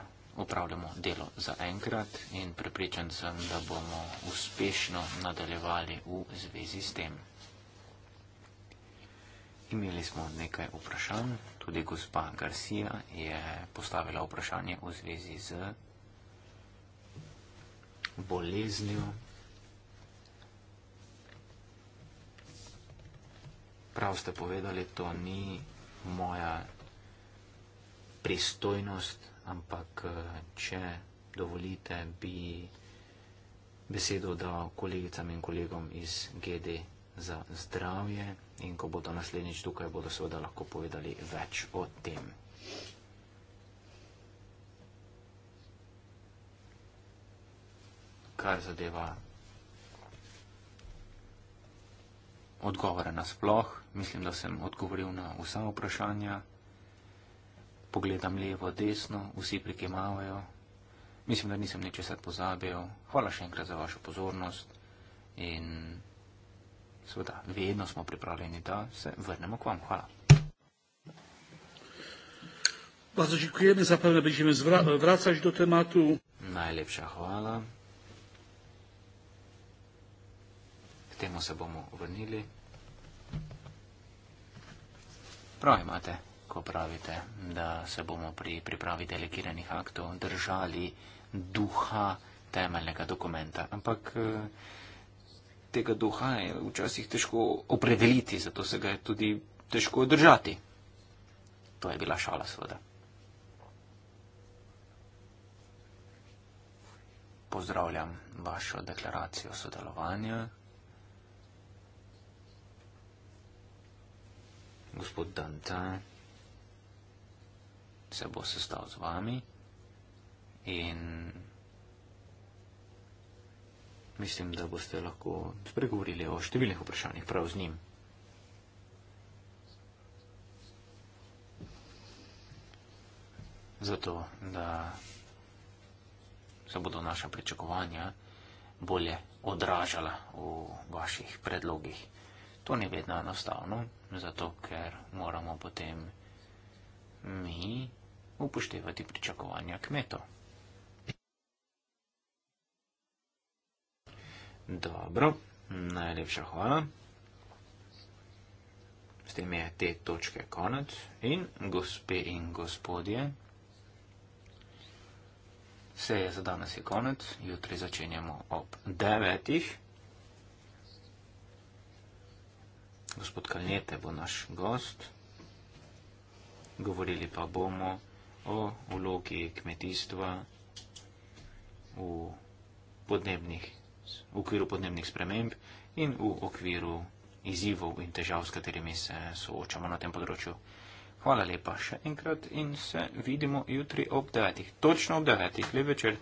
opravljamo delo za enkrat in prepričan sem, da bomo uspešno nadaljevali v zvezi s tem. Imeli smo nekaj vprašanj, tudi gospa Garcia je postavila vprašanje v zvezi z boleznjo. Prav ste povedali, to ni moja pristojnost, ampak če dovolite, bi besedo dal kolegicam in kolegom iz GD za zdravje in ko bodo naslednjič tukaj, bodo seveda lahko povedali več o tem. Kar zadeva odgovore na sploh, mislim, da sem odgovoril na vsa vprašanja. Pogledam levo, desno, vsi prikimavajo. Mislim, da nisem ničesar pozabil. Hvala še enkrat za vašo pozornost in seveda, vedno smo pripravljeni, da se vrnemo k vam. Hvala. Pa začekujeme, zapravo, da bi že me vracaš do tematu. Najlepša hvala. K temu se bomo vrnili. Prav imate, ko pravite, da se bomo pri pripravi delegiranih aktov držali duha temeljnega dokumenta. Ampak eh, tega duha je včasih težko opredeliti, zato se ga je tudi težko držati. To je bila šala, seveda. Pozdravljam vašo deklaracijo sodelovanja. Gospod Dante se bo sestal z vami in mislim, da boste lahko spregovorili o številnih vprašanjih prav z njim. Zato, da se bodo naša pričakovanja bolje odražala v vaših predlogih. To ni vedno enostavno, zato ker moramo potem mi upoštevati pričakovanja kmetov. Dobro, najlepša hvala. S tem je te točke konec in gospe in gospodje, vse je za danes je konec, jutri začenjamo ob devetih. Gospod Kalnete bo naš gost, govorili pa bomo o vlogi kmetijstva v podnebnih krizah v okviru podnebnih sprememb in v okviru izzivov in težav, s katerimi se soočamo na tem področju. Hvala lepa še enkrat in se vidimo jutri ob devetih, točno ob devetih, lep večer.